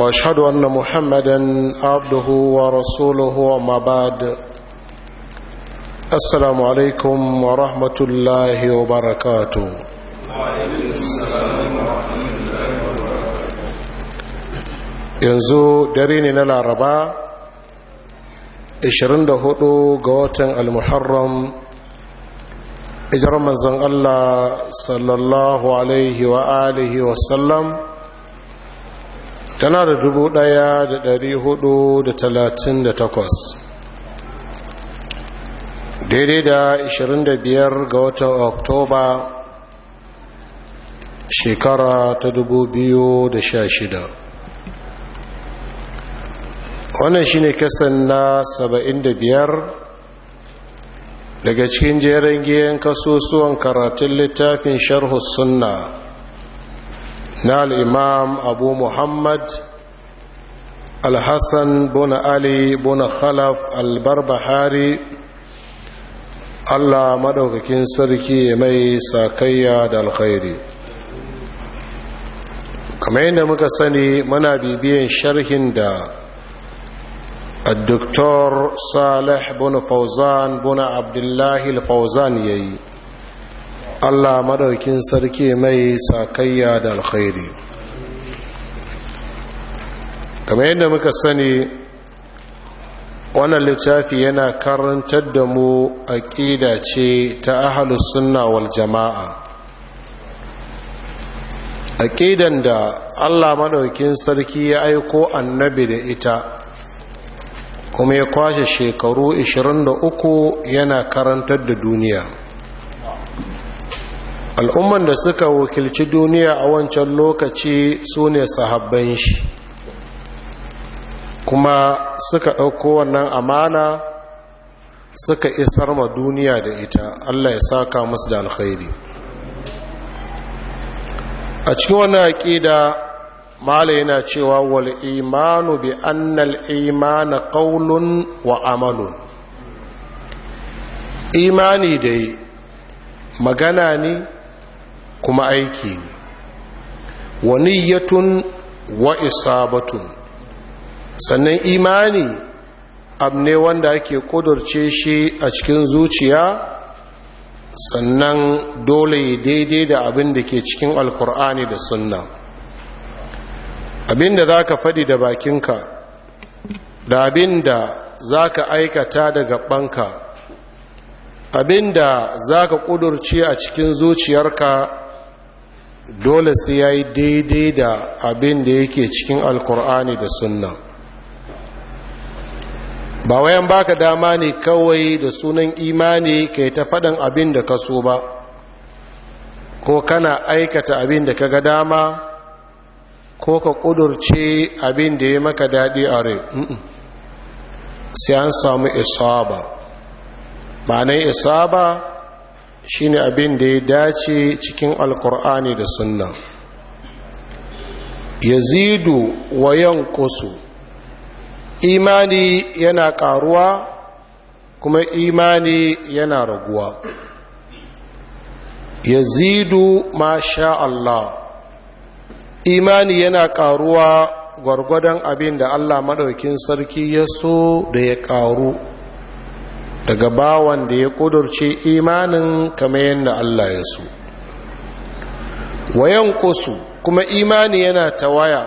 واشهد ان محمدا عبده ورسوله وما بعد السلام عليكم ورحمه الله وبركاته yanzu dare ne na laraba 24 ga watan almuharram ijar manzon allah sallallahu alaihi wa alihi wasallam tana da dubu ɗaya da dari hudu da talatin da takwas daidai da 25 ga wata oktoba shekara ta dubu biyu da sha shida. wannan shine kasan na 75 daga cikin jeren giyan kasusuwan karatun littafin sharhu sunna na al'imam abu muhammad alhassan buna ali buna khalaf albarbahari allah maɗaukakin sarki mai sakayya da alkhairi kamar yadda muka sani muna bibiyan sharhin da الدكتور صالح بن فوزان بن عبد الله ya yi. Allah madaukin sarki mai sakayya da alkhairi kamar yadda muka sani wannan littafi yana karantar da mu aƙida ce ta ahalus sunna wal jama'a aƙidan da Allah madaukin sarki ya aiko annabi da ita kuma ya kwashe shekaru 23 yana karantar da duniya al'umman da suka wakilci duniya a wancan lokaci su ne sahabban shi kuma suka ɗauko wannan amana suka isar ma duniya da ita allah ya saka musu da alkhairi a cikin wannan aƙida mala yana cewa wal imanu bi annal imana ƙaulun wa amalun imani dai magana ne kuma aiki ne wa niyyatun wa isabatun sannan imani abne wanda ake kudurce shi a cikin zuciya sannan dole daidai da abin da ke cikin alkur'ani da sunna abin da za ka faɗi da bakinka da abin da za ka aikata da gabanka abin da za ka ƙudurce a cikin zuciyarka dole sai ya yi daidai da abin da yake cikin alkur'ani da sunna ba wayan baka dama ne kawai da sunan imani ka yi ta faɗin abin da ka so ba ko kana aikata abin da ka ga dama ko ka ƙudurce abin da ya maka daɗi a rai sai an samu yi ma'anin isaba ne abin da ya dace cikin alkur'ani da sunna yazidu wa kusu imani yana karuwa kuma imani yana raguwa yazidu ma sha Allah imani yana karuwa gwargwadon abin da Allah maɗaukin sarki ya so da ya karu daga bawan da ya kudurce imanin kamar yadda Allah ya so wayan kusu kuma imani yana ta waya,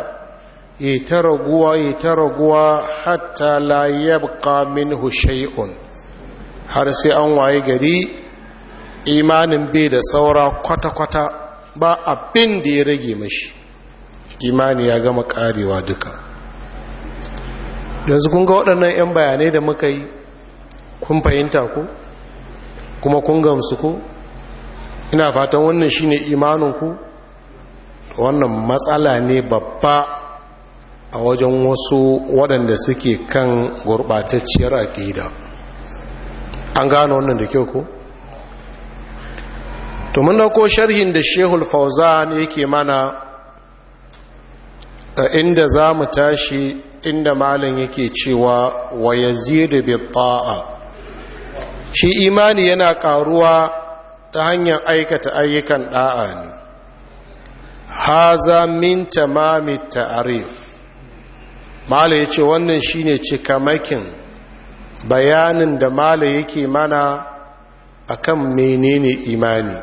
ya ta raguwa ya ta raguwa hatta la yabqa minhu shay'un har sai an waye gari imanin bai da saura kwata-kwata ba abin da ya rage mashi imani ya gama karewa duka yanzu kun ga waɗannan 'yan bayanai da muka yi kun fahimta ku kuma kun gamsu ku ina fatan wannan shine imaninku wannan matsala ne babba a wajen wasu waɗanda suke kan gurɓatacciyar aƙida an gano wannan da kyau ku to mun dauko sharhin da shehul ne yake mana a inda za mu tashi inda malin yake cewa wa yazidu bi ta'a shi imani yana karuwa ta hanyar aikata ayyukan da'a ne haza min tamami ta'arif mala ya ce wannan shine cikamakin bayanin da mala yake mana akan menene imani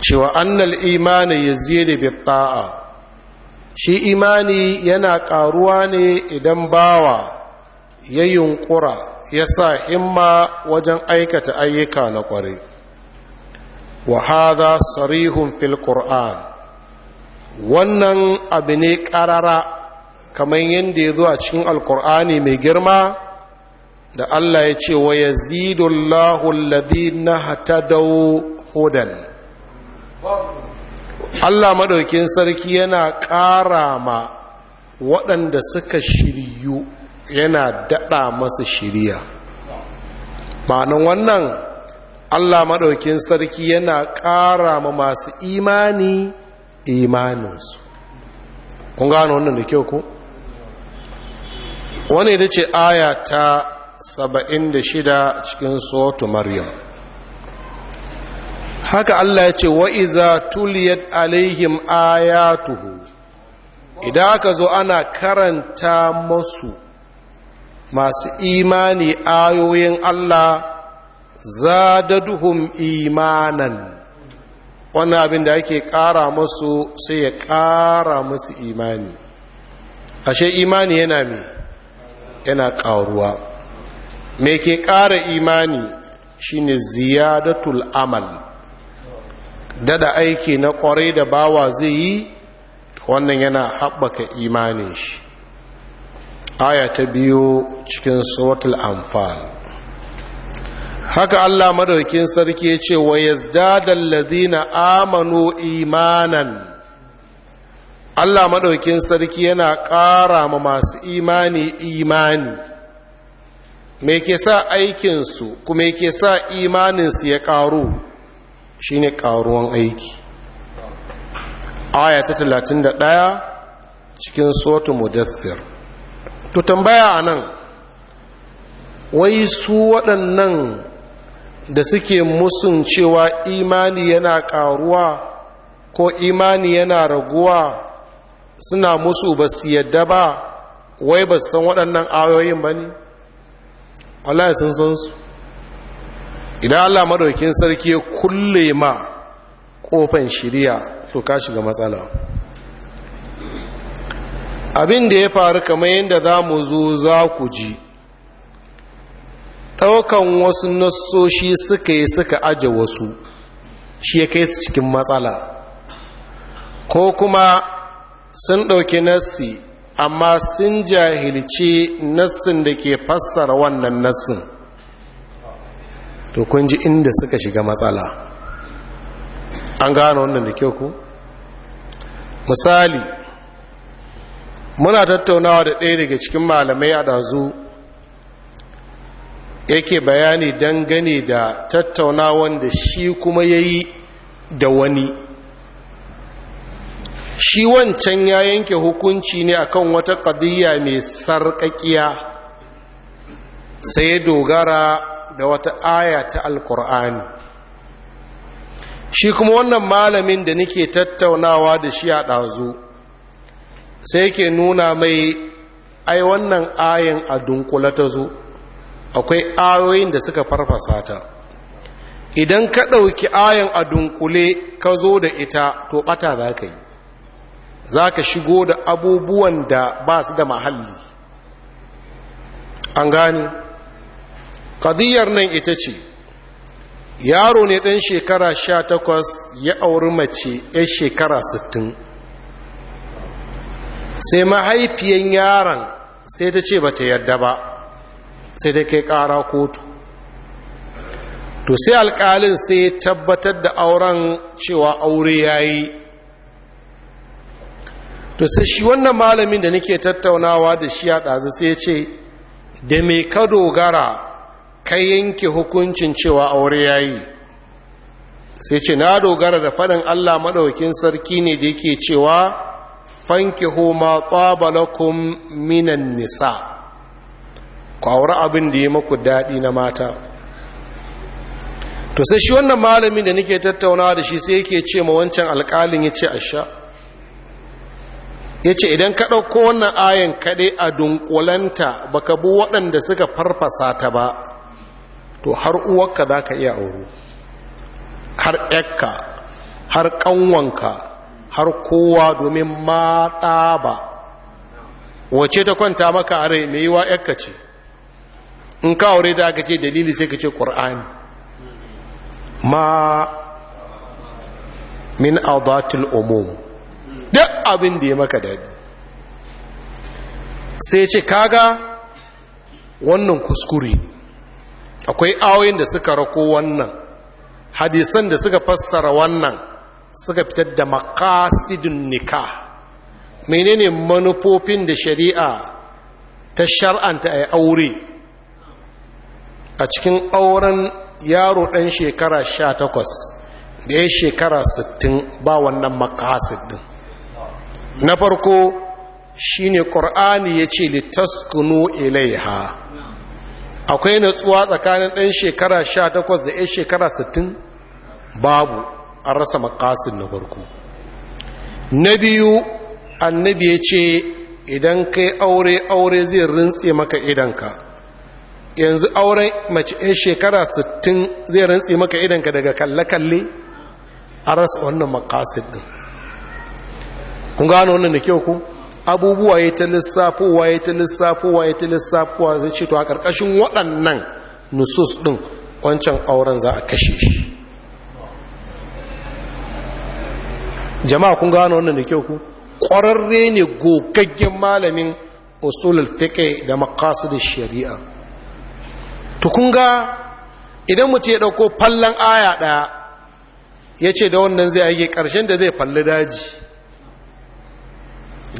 cewa annal imani yazidi bi ta'a shi imani yana karuwa ne idan bawa ya yunkura ya sa himma wajen aikata ayyuka na ƙware wa haza sarihun fil qur'an wannan abu ne ƙarara kamar yadda ya zo a cikin alƙur'ani mai girma da Allah ya ce wa yazidu Allahu na hatadaw hudan Allah madaukin sarki yana ƙara ma waɗanda suka shiryu yana daɗa masu shiriya ma'anin wannan allah maɗaukin sarki yana ƙara ma masu imani imaninsu kun gano wannan da kyau ku wani da ce aya ta 76 cikin sotu maryam haka allah ya ce wa'iza tuliyat alaihim ayatuhu idan aka zo ana karanta masu masu imani ayoyin Allah zadaduhum imanan wannan abin da ake ƙara masu sai ya ƙara musu imani ashe imani yana mai yana ƙaruwa me ke ƙara imani shine ziyadatul amal dada aiki na ƙwarai da bawa zai yi wannan yana haɓaka imanin shi aya ta biyu cikin suratul anfal haka Allah madaukin sarki ya ce wa yazdadal ladina amanu imanan Allah madaukin sarki yana ƙara ma masu imani imani me ke sa aikinsu kuma yake sa imaninsu ya ƙaru shine ƙaruwan aiki aya ta 31 cikin suratul mudaththir to tambaya a nan wai su waɗannan da suke musun cewa imani yana ƙaruwa ko imani yana raguwa suna musu ba su yadda ba wai ba san waɗannan ayoyin ba ne Allah sun san su idan Allah madaukin sarki ya kulle ma ƙofan shirya to ka shiga matsala abin da ya faru kamar yadda za mu zo za ku ji ɗaukan wasu nasoshi suka yi suka aje wasu shi ya kai cikin matsala ko kuma sun ɗauki nassi amma sun jahilci nassin da ke fassara wannan nassin to kun ji inda suka shiga matsala an gane wannan da kyau ku misali muna tattaunawa da ɗaya daga cikin malamai a ɗazu yake bayani dangane da tattaunawan da shi kuma ya yi da wani shi wancan ya yanke hukunci ne akan wata ƙadiyya mai sarƙaƙiya sai ya dogara da wata aya ta alkur'ani shi kuma wannan malamin da nake tattaunawa da shi a ɗazu sai ke nuna mai ai wannan ayin a dunkula ta zo akwai ayoyin da suka farfasa ta idan ka ɗauki ayin a dunkule ka zo da ita to ɓata za ka yi za ka shigo da abubuwan da ba su da mahalli an gani ƙadiyar nan ita ce yaro ne ɗan shekara sha takwas ya auri mace 'yan shekara sittin. sai mahaifiyan yaron sai ta ce ba ta yarda ba sai ta kai ƙara kotu to sai alƙalin sai tabbatar da auren cewa aure ya yi to sai shi wannan malamin da nake tattaunawa da shi a ɗazu sai ce da mai ka dogara ka yanke hukuncin cewa aure ya yi sai ce na dogara da faɗin allah maɗaukin sarki ne da yake cewa fankihu ma tsaba lakum minan nisa ku auri abin da ya maku daɗi na mata to sai shi wannan malamin da nake tattauna da shi sai yake ce ma wancan alkalin ya ce asha ya ce idan ka ɗauko wannan ayan kaɗai a dunkulanta baka bi waɗanda suka farfasa ta ba to har uwarka za ka iya auro har ƴakka har ƙanwanka har kowa domin matsa ba wace ta kwanta maka a rai mai yiwa yakka ce in ka aure da aka ce dalili sai ka ce ƙor'ani ma min abatul umum duk abin da ya maka dadi sai ce kaga wannan kuskure akwai awoyin da suka rako wannan hadisan da suka fassara wannan suka fitar da makasidun nikah menene manufofin da shari'a ta shar'anta a yi aure a cikin auren yaro ɗan shekara sha takwas da ya shekara sittin ba wannan makasidun? na farko shine ƙur'ani ya ce littaskunu ilaiha akwai natsuwa tsakanin ɗan shekara sha da ya shekara sittin babu an rasa makasin na farko na biyu annabi ya ce idan kai aure aure zai rintse maka idanka yanzu auren mace 'yan shekara 60 zai rintse maka idanka daga kalle-kalle an rasa wannan makasin din kun gano wannan da kyau ku abubuwa ya ta lissafowa ya ta lissafowa ya ta lissafowa zai ce to a ƙarƙashin waɗannan nusus ɗin wancan auren za a kashe shi jama'a kun gano wannan da kyau ku ƙwararre ne gogaggen malamin usulul fiqh da da shari'a to kun idan mutum ya dauko fallan aya ɗaya ya ce da wannan zai aike ƙarshen da zai falli daji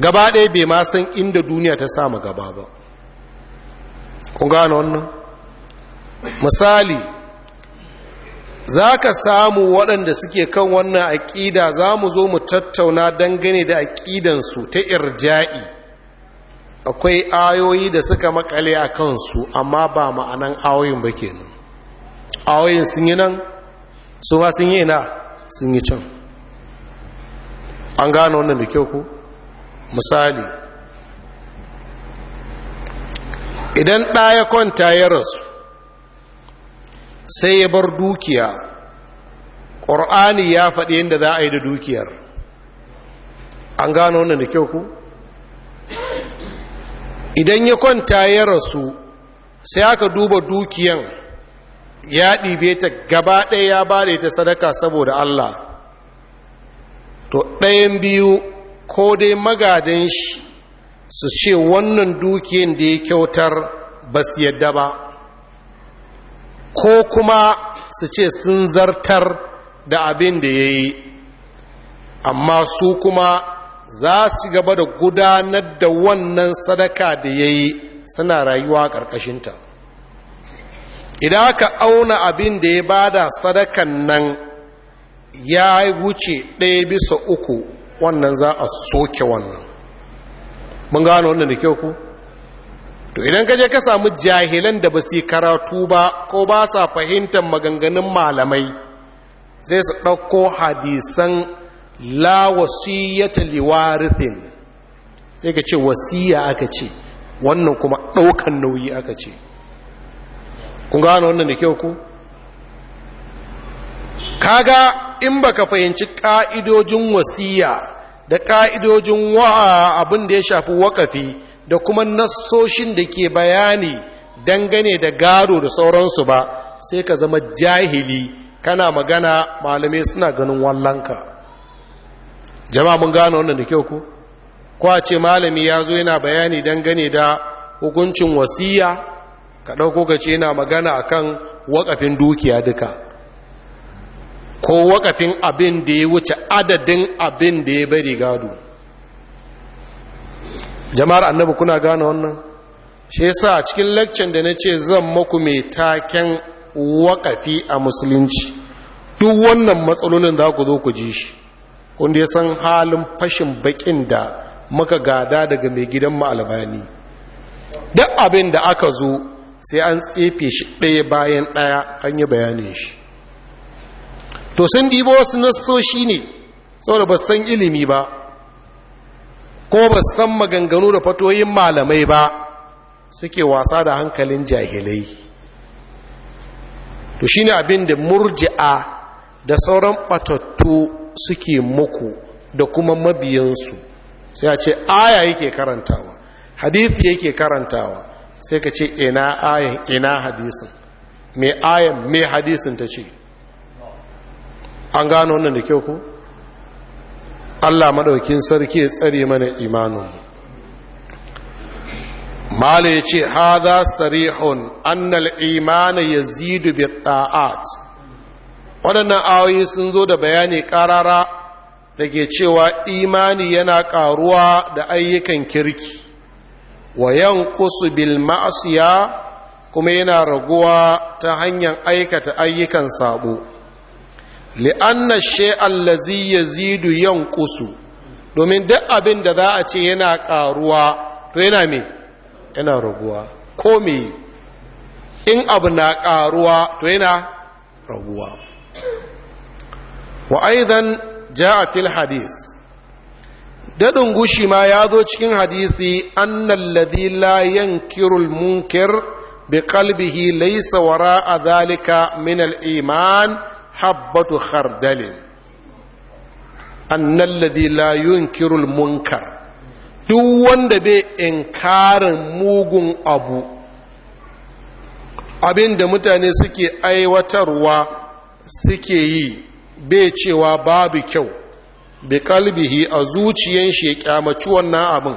gaba ɗaya bai ma san inda duniya ta samu gaba ba kun gano wannan misali za ka samu waɗanda suke kan wannan aƙida za mu zo mu tattauna dangane da aƙidansu ta irja'i akwai ayoyi da suka makale a kansu amma ba ma'anan ayoyin ba kenan ayoyin sun yi nan su ma sun yi na sun yi can an gano wannan da kyau ku misali idan ɗaya kwanta ya rasu sai ya bar dukiya ƙor'ani ya faɗi yadda za a yi da dukiyar an gano wannan da kyau ku idan ya kwanta ya rasu sai aka duba dukiyan ya ɗibe ta gaba ɗaya ya bada ta sadaka saboda Allah to ɗayan biyu ko dai magadan shi su ce wannan dukiyan da ya kyautar ba su yadda ba ko kuma su ce sun zartar da abin da ya yi amma su kuma za su gaba da gudanar da wannan sadaka da ya yi suna rayuwa ƙarƙashinta idan aka auna abin da ya bada sadakan nan ya wuce ɗaya bisa uku wannan za a soke wannan mun gano wannan da kyau ku? to idan ka je ka samu jahilan da ba su karatu ba ko ba sa fahimtar maganganun malamai sai su ɗauko hadisan la wasiyyata liwarithin sai ka ce wasiya aka ce wannan kuma ɗaukan nauyi aka ce kun gano wannan da kyau ku kaga in baka fahimci ƙa'idojin wasiya da ƙa'idojin abin da ya shafi wakafi da kuma nassoshin da ke bayani dangane da gado da sauransu ba sai ka zama jahili kana magana malamai suna ganin wallanka jama'a mun gano wannan da kyau ko kwa ce malami ya zo yana bayani dangane da hukuncin wasiya ka ɗauko ka ce yana magana akan wakafin dukiya duka ko wakafin abin da ya wuce adadin abin da ya bari gado jama'ar annabi kuna gane wannan shi yasa cikin laccan da na ce zan maku mai taken wakafi a musulunci duk wannan matsalolin da ku zo ku ji shi wanda ya san halin fashin bakin da muka gada daga mai gidan mu albani duk abin da aka zo sai an tsefe shi ɗaya bayan ɗaya an yi bayanin shi to sun ɗibo wasu nassoshi ne saboda ba san ilimi ba ko ba san maganganu da fatoyin malamai ba suke wasa da hankalin jahilai to shi ne abin da murji'a da sauran batattu suke muku da kuma mabiyansu sai a ce aya yake karantawa hadithi yake karantawa sai ka ce ina ayan ina hadisin mai ayan mai hadisin ta ce an gano wannan da kyau ku Allah madaukin sarki ya tsare mana imaninmu mala ya ce haza sarihun annal imana yazidu bi ta'at waɗannan awoyi sun zo da bayani ƙarara da ke cewa imani yana ƙaruwa da ayyukan kirki wa kusu bil ma'asiya kuma yana raguwa ta hanyar aikata ayyukan sabo li'anna shay'an lazi yazidu kusu, domin duk abin da za a ce yana karuwa to yana me yana raguwa ko me in abu na karuwa to yana raguwa wa aidan ja'a fil daɗin gushi ma ya zo cikin hadisi annal ladhi la yankirul munkir bi qalbihi laysa wara'a dhalika min al iman habbatu khardalin annan ladi la al munkar duk wanda bai inkarin mugun abu abin da mutane suke aiwatarwa suke yi bai cewa babu kyau bi kalbihi a zuciyan shi ya kyamaci wannan abin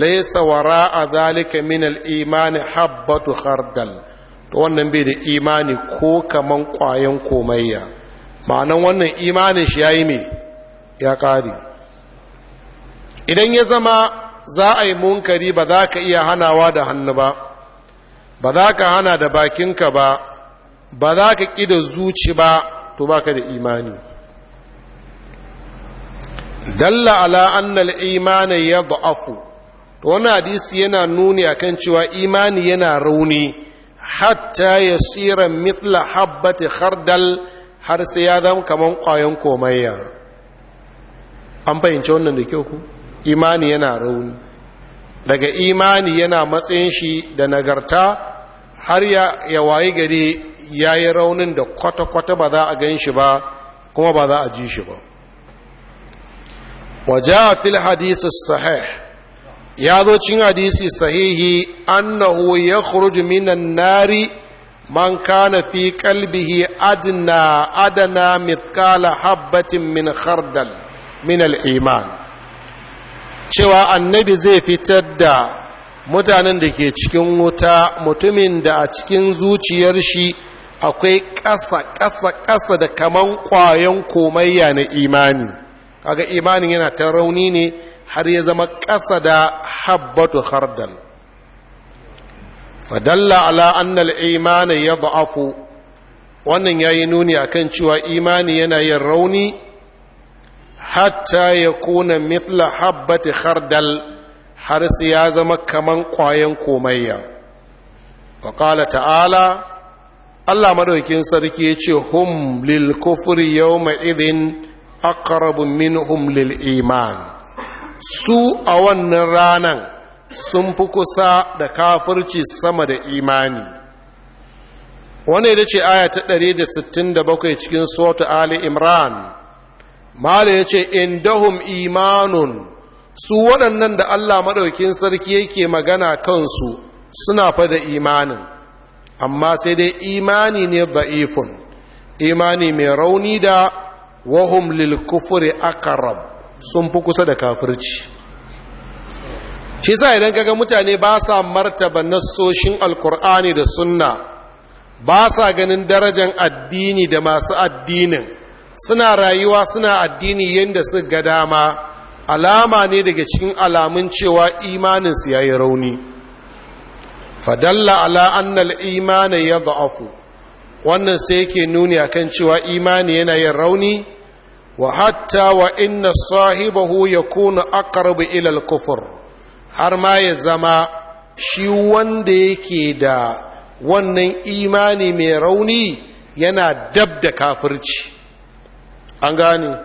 laisa wara a zalika min al'imani habbatu khardal to wannan bai da imani ko kaman kwayan komayya ma'anan wannan imanin shi ya yi mai, ya ƙari idan ya zama za a yi munkari ba za ka iya hanawa da hannu ba ba za ka hana da bakinka ba ba za ka ƙi da zuci ba to ba ka da imani dalla ala annal imani ya ba'afu to wani hadisi yana nuni a kan cewa imani yana rauni hatta ya tsira mitla habbati hardal har sai ya zama kamar ƙwayon komayya an fahimci wannan da kyau ku imani yana rauni daga imani yana matsayin shi da nagarta har ya wayi gari ya yi raunin da kwata-kwata ba za a gan shi ba kuma ba za a ji shi ba waje a fil hadisun sahih ya zo cin hadisi sahihi annahu ya minan nari man kana fi kalbihi adna adana mithqala habbatin min khardal min al-iman cewa annabi zai fitar da mutanen da ke cikin wuta mutumin da a cikin zuciyar shi akwai ƙasa ƙasa ƙasa da kaman ƙwayan komayya na imani kaga imanin yana ta rauni ne har ya zama ƙasa da habbatu khardal fadalla ala annal imani ya da'afu wannan ya yi nuni kan cewa imani yana yin rauni hatta ya kuna mitla habbati khardal har sai ya zama kaman kwayan komayya wa ta'ala Allah madaukin sarki ya ce hum lil kufri yawma idhin aqrabu minhum lil iman su a wannan ranan sun fi kusa da kafirci sama da imani wane da ce aya ta 167 cikin sota ali imran mala ya ce indahum imanun su waɗannan da allah maɗaukin sarki yake magana kansu suna fa da imanin amma sai dai imani ne da'ifun imani mai rauni da wahum lil kufuri akarab sun fi kusa da kafirci shi sa idan kaga mutane ba sa martaba nassoshin alkur'ani da sunna ba sa ganin darajan addini da masu addinin suna rayuwa suna addini yadda su ga dama alama ne daga cikin alamun cewa imaninsu ya yi rauni fadalla ala annal imani ya za'afu wannan sai yake nuni akan cewa imani yana yin rauni wa hatta wa inna sahibahu ya kona aqrabu ila al har ma ya zama shi wanda yake da wannan imani mai rauni yana dab da kafirci an gane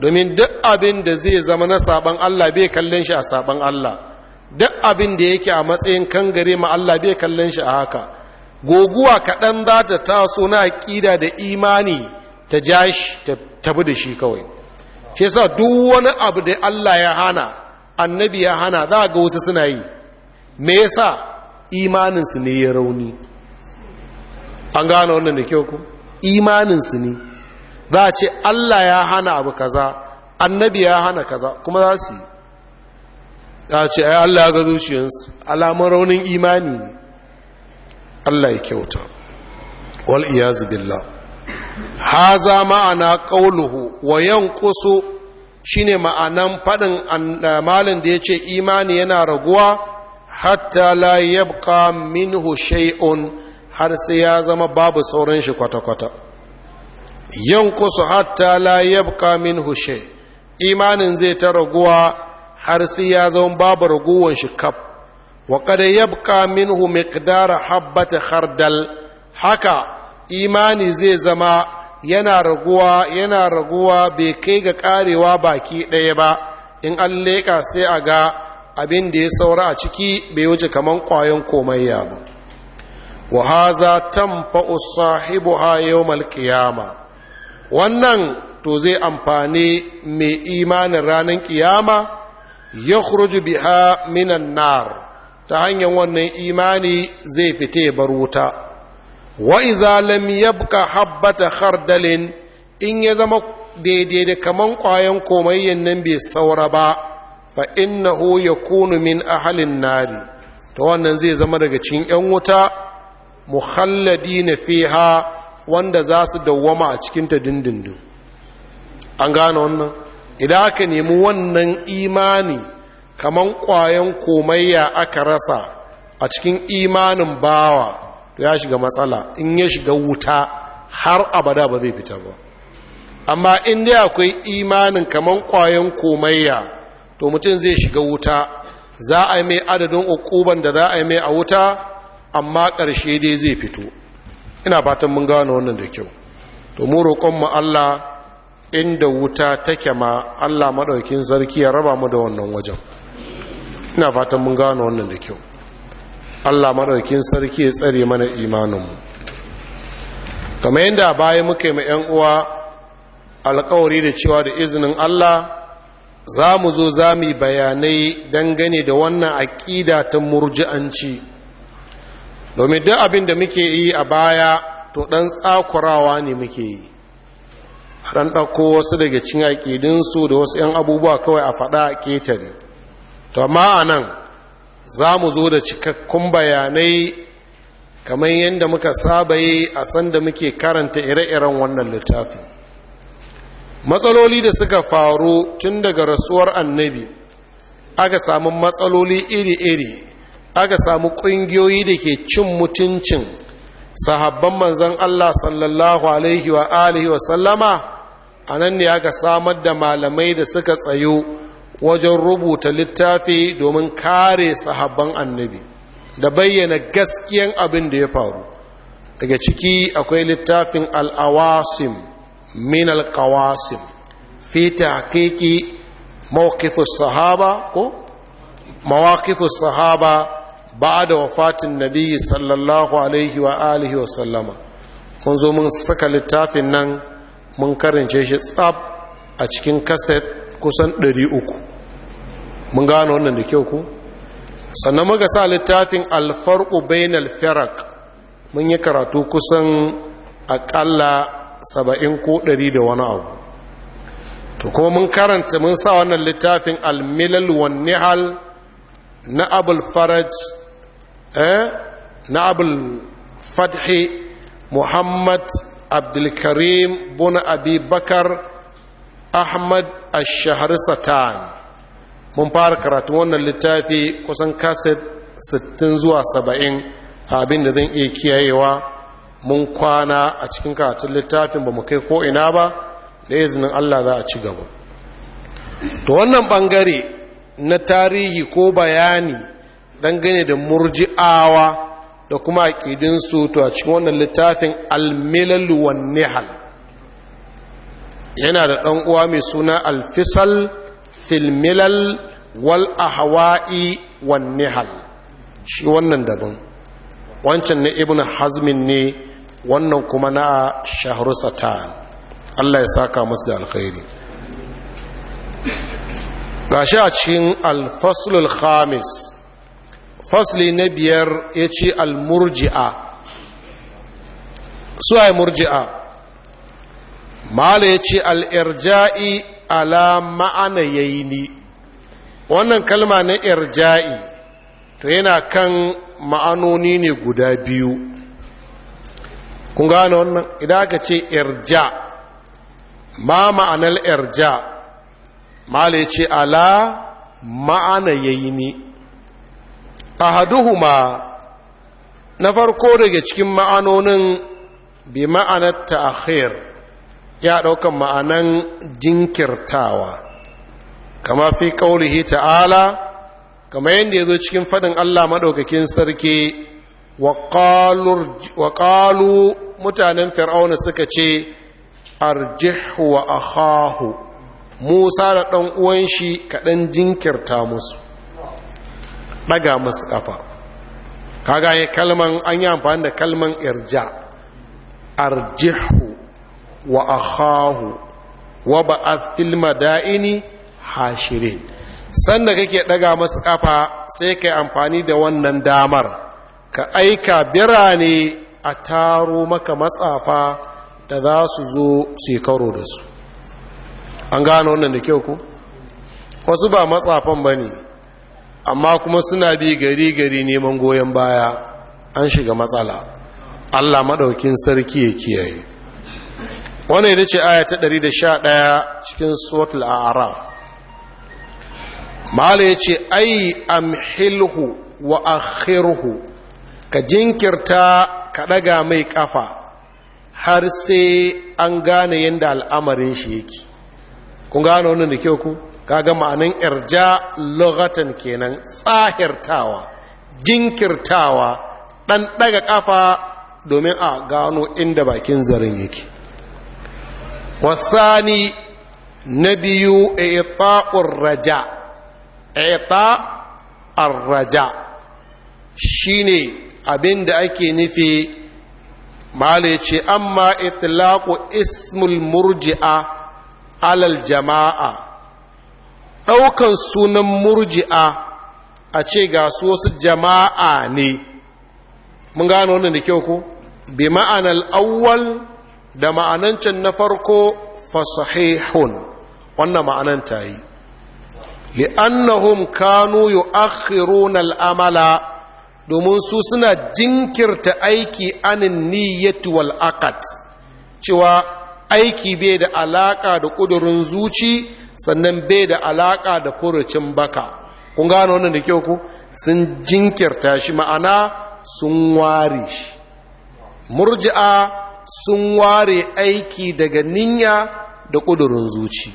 domin duk abin da zai zama na saban Allah bai kallon shi a saban Allah duk abin da yake a matsayin kangare ma Allah bai kallon shi a haka goguwa kaɗan za ta taso na aƙida da imani ta jashi ta tabi da shi kawai shi sa duk wani abu da Allah ya hana annabi ya hana za ga wasu suna yi me yasa imaninsu ne ya rauni an gane wannan da kyau ku imaninsu ne za a ce Allah ya hana abu kaza annabi ya hana kaza kuma za su yi za a ce ai Allah ya ga zuciyarsu alamun raunin imani ne Allah ya kyauta wal iyazu billah haza ma'ana ƙauluhu wa yanqusu shine ma'anan faɗin eh, malin da ya ce imani yana raguwa hatta la yabqa minhu shay'un har sai ya zama babu sauran shi kwata-kwata yankusu hatta la yabqa minhu shay imanin zai ta raguwa har sai ya zama babu raguwan shi kaf wa qad yabqa minhu miqdar habbat khardal haka imani zai zama yana raguwa yana raguwa bai kai ga karewa baki ɗaya ba in an leƙa sai a ga abin da ya saura a ciki bai wuce kaman ƙwayon komayya ba wa haza sahibu ha yawmal qiyama wannan to zai amfani mai imanin ranar ƙiyama ya biha minan nar ta hanyar wannan imani zai fite bar wuta wa iza lam yabqa habbata khardalin in ya zama daidai da kaman kwayan komayyan nan bai saura ba fa innahu yakunu min ahlin nari to wannan zai zama daga cikin yan wuta muhalladina fiha wanda za su dawwama a cikin ta dindindin an gane wannan idan aka nemi wannan imani kaman kwayan komayya aka rasa a cikin imanin bawa to ya shiga matsala in ya shiga wuta har abada ba zai fita ba amma in dai akwai imanin kaman kwayan komayya to mutum zai shiga wuta za a yi mai adadin ukuban da za a yi mai a wuta amma ƙarshe dai zai fito ina fatan mun gano wannan da kyau to mu roƙon Allah inda wuta take ma Allah madaukin sarki ya raba mu da wannan wajen ina fatan mun gano wannan da kyau Allah maɗaukin sarki ya tsare mana imaninmu kamar yadda baya muka yi ‘yan uwa alkawari da cewa da izinin Allah za mu zo za mu bayanai dangane da wannan aƙida ta murji'anci domin duk abin da muke yi a baya to ɗan tsakurawa ne muke yi ɗan ɗauko wasu daga cin aƙidinsu da wasu ‘yan abubuwa kawai a faɗa a ƙetare to ma'anan a nan za mu zo da cikakkun bayanai kamar yadda muka saba yi a sanda muke karanta ire-iren wannan littafi matsaloli da suka faru tun daga rasuwar annabi aka samu matsaloli iri-iri aka samu ƙungiyoyi da ke cin mutuncin sahabban manzan Allah sallallahu alaihi wa alihi wa sallama a nan ne aka samar da malamai da suka tsayo wajen rubuta littafi domin kare sahabban annabi da bayyana gaskiyan abin da ya faru daga ciki akwai littafin al'awasim min al'awasim fi haƙiƙi mawakifus sahaba ko mawakifus sahaba ba da wafatin nabi sallallahu alaihi wa alihi wa sallama mun zo mun saka littafin nan mun karance shi tsab a cikin kaset kusan 300 mun gano wannan da kyau ku sannan muka sa littafin alfarku bainal firak mun yi karatu kusan akalla 70 ko 100 da wani abu to kuma mun karanta mun sa wannan littafin almilal wan nihal na abul faraj eh na abul fathi muhammad abdulkarim bin abi bakar ahmad ash-shahrisatan mun fara karatu wannan littafi kusan kaset 60 zuwa 70 abin da zan iya kiyayewa mun kwana a cikin karatun littafin ba mu kai ko ina ba da izinin Allah za a ci gaba to wannan bangare na tarihi ko bayani dangane da murji'awa da kuma aƙidinsu to a cikin wannan littafin almilalu wan nihal yana da ɗan uwa mai suna alfisal filmilal wal ahwa'i wan nihal shi wannan daban wancan na ibn hazmin ne wannan kuma na shahru satan Allah ya saka musu da alkhairi gashi a cikin alfaslul khamis fasli na biyar ya ce almurji'a su ai murji'a mala ya ce al'irja'i ala ma'ana yayi ni wannan kalma na irja'i to yana kan ma'anoni ne guda biyu kun gane wannan idan aka ce irja ma ma'anar irja mala ya ce ala ma'ana yayi ni A ahaduhuma na farko daga cikin ma'anonin bi ma'anar ta'akhir ya ɗaukan ma'anan jinkirtawa kama fi ƙaunihi ta'ala kama yadda ya zo cikin faɗin Allah maɗaukakin sarki wa ƙalu mutanen fir'auna suka ce arjihu wa ahahu musa da ɗan uwan shi kaɗan jinkirta musu ɗaga musu ƙafa kaga ya kalman an yi amfani da kalman irja arjihu wa akhahu wa ba'ath fil madaini hashirin sanda kake daga masa kafa sai kai amfani da wannan damar ka aika birane a taro maka matsafa da za su zo su karo da su an gano wannan da kyau ko wasu ba matsafan ba ne amma kuma suna bi gari gari neman goyon baya an shiga matsala allah maɗaukin sarki ya kiyaye Wani ya ce aya ta 111 cikin a a'raf mala ya ce ai amhilhu wa akhirhu ka jinkirta ka ɗaga mai ƙafa har sai an gane yadda al'amarin shi yake kun gane wannan da kyau ku kaga ma'anin irja logatan kenan tsahirtawa jinkirtawa ɗan ɗaga ƙafa domin a gano inda bakin zarin yake wasani na biyu ita'ur raja ita'ar raja shine abin da ake nufi mala ce amma itlaqu ismul murji'a alal jama'a ɗaukan sunan murji'a a ce ga su wasu jama'a ne mun gano wannan da kyau ko bi ma'anar awwal da ma'anancin na farko fasahihun wannan ma'anan ta yi li'annahum kanu yu'akhiruna al'amala domin su suna jinkirta aiki anin niyyatu wal cewa aiki bai da alaka da kudurin zuci sannan bai da alaka da furucin baka kun gano wannan da kyau ku sun jinkirta shi ma'ana sun ware shi murji'a sun ware aiki daga ninya da ƙudurin zuci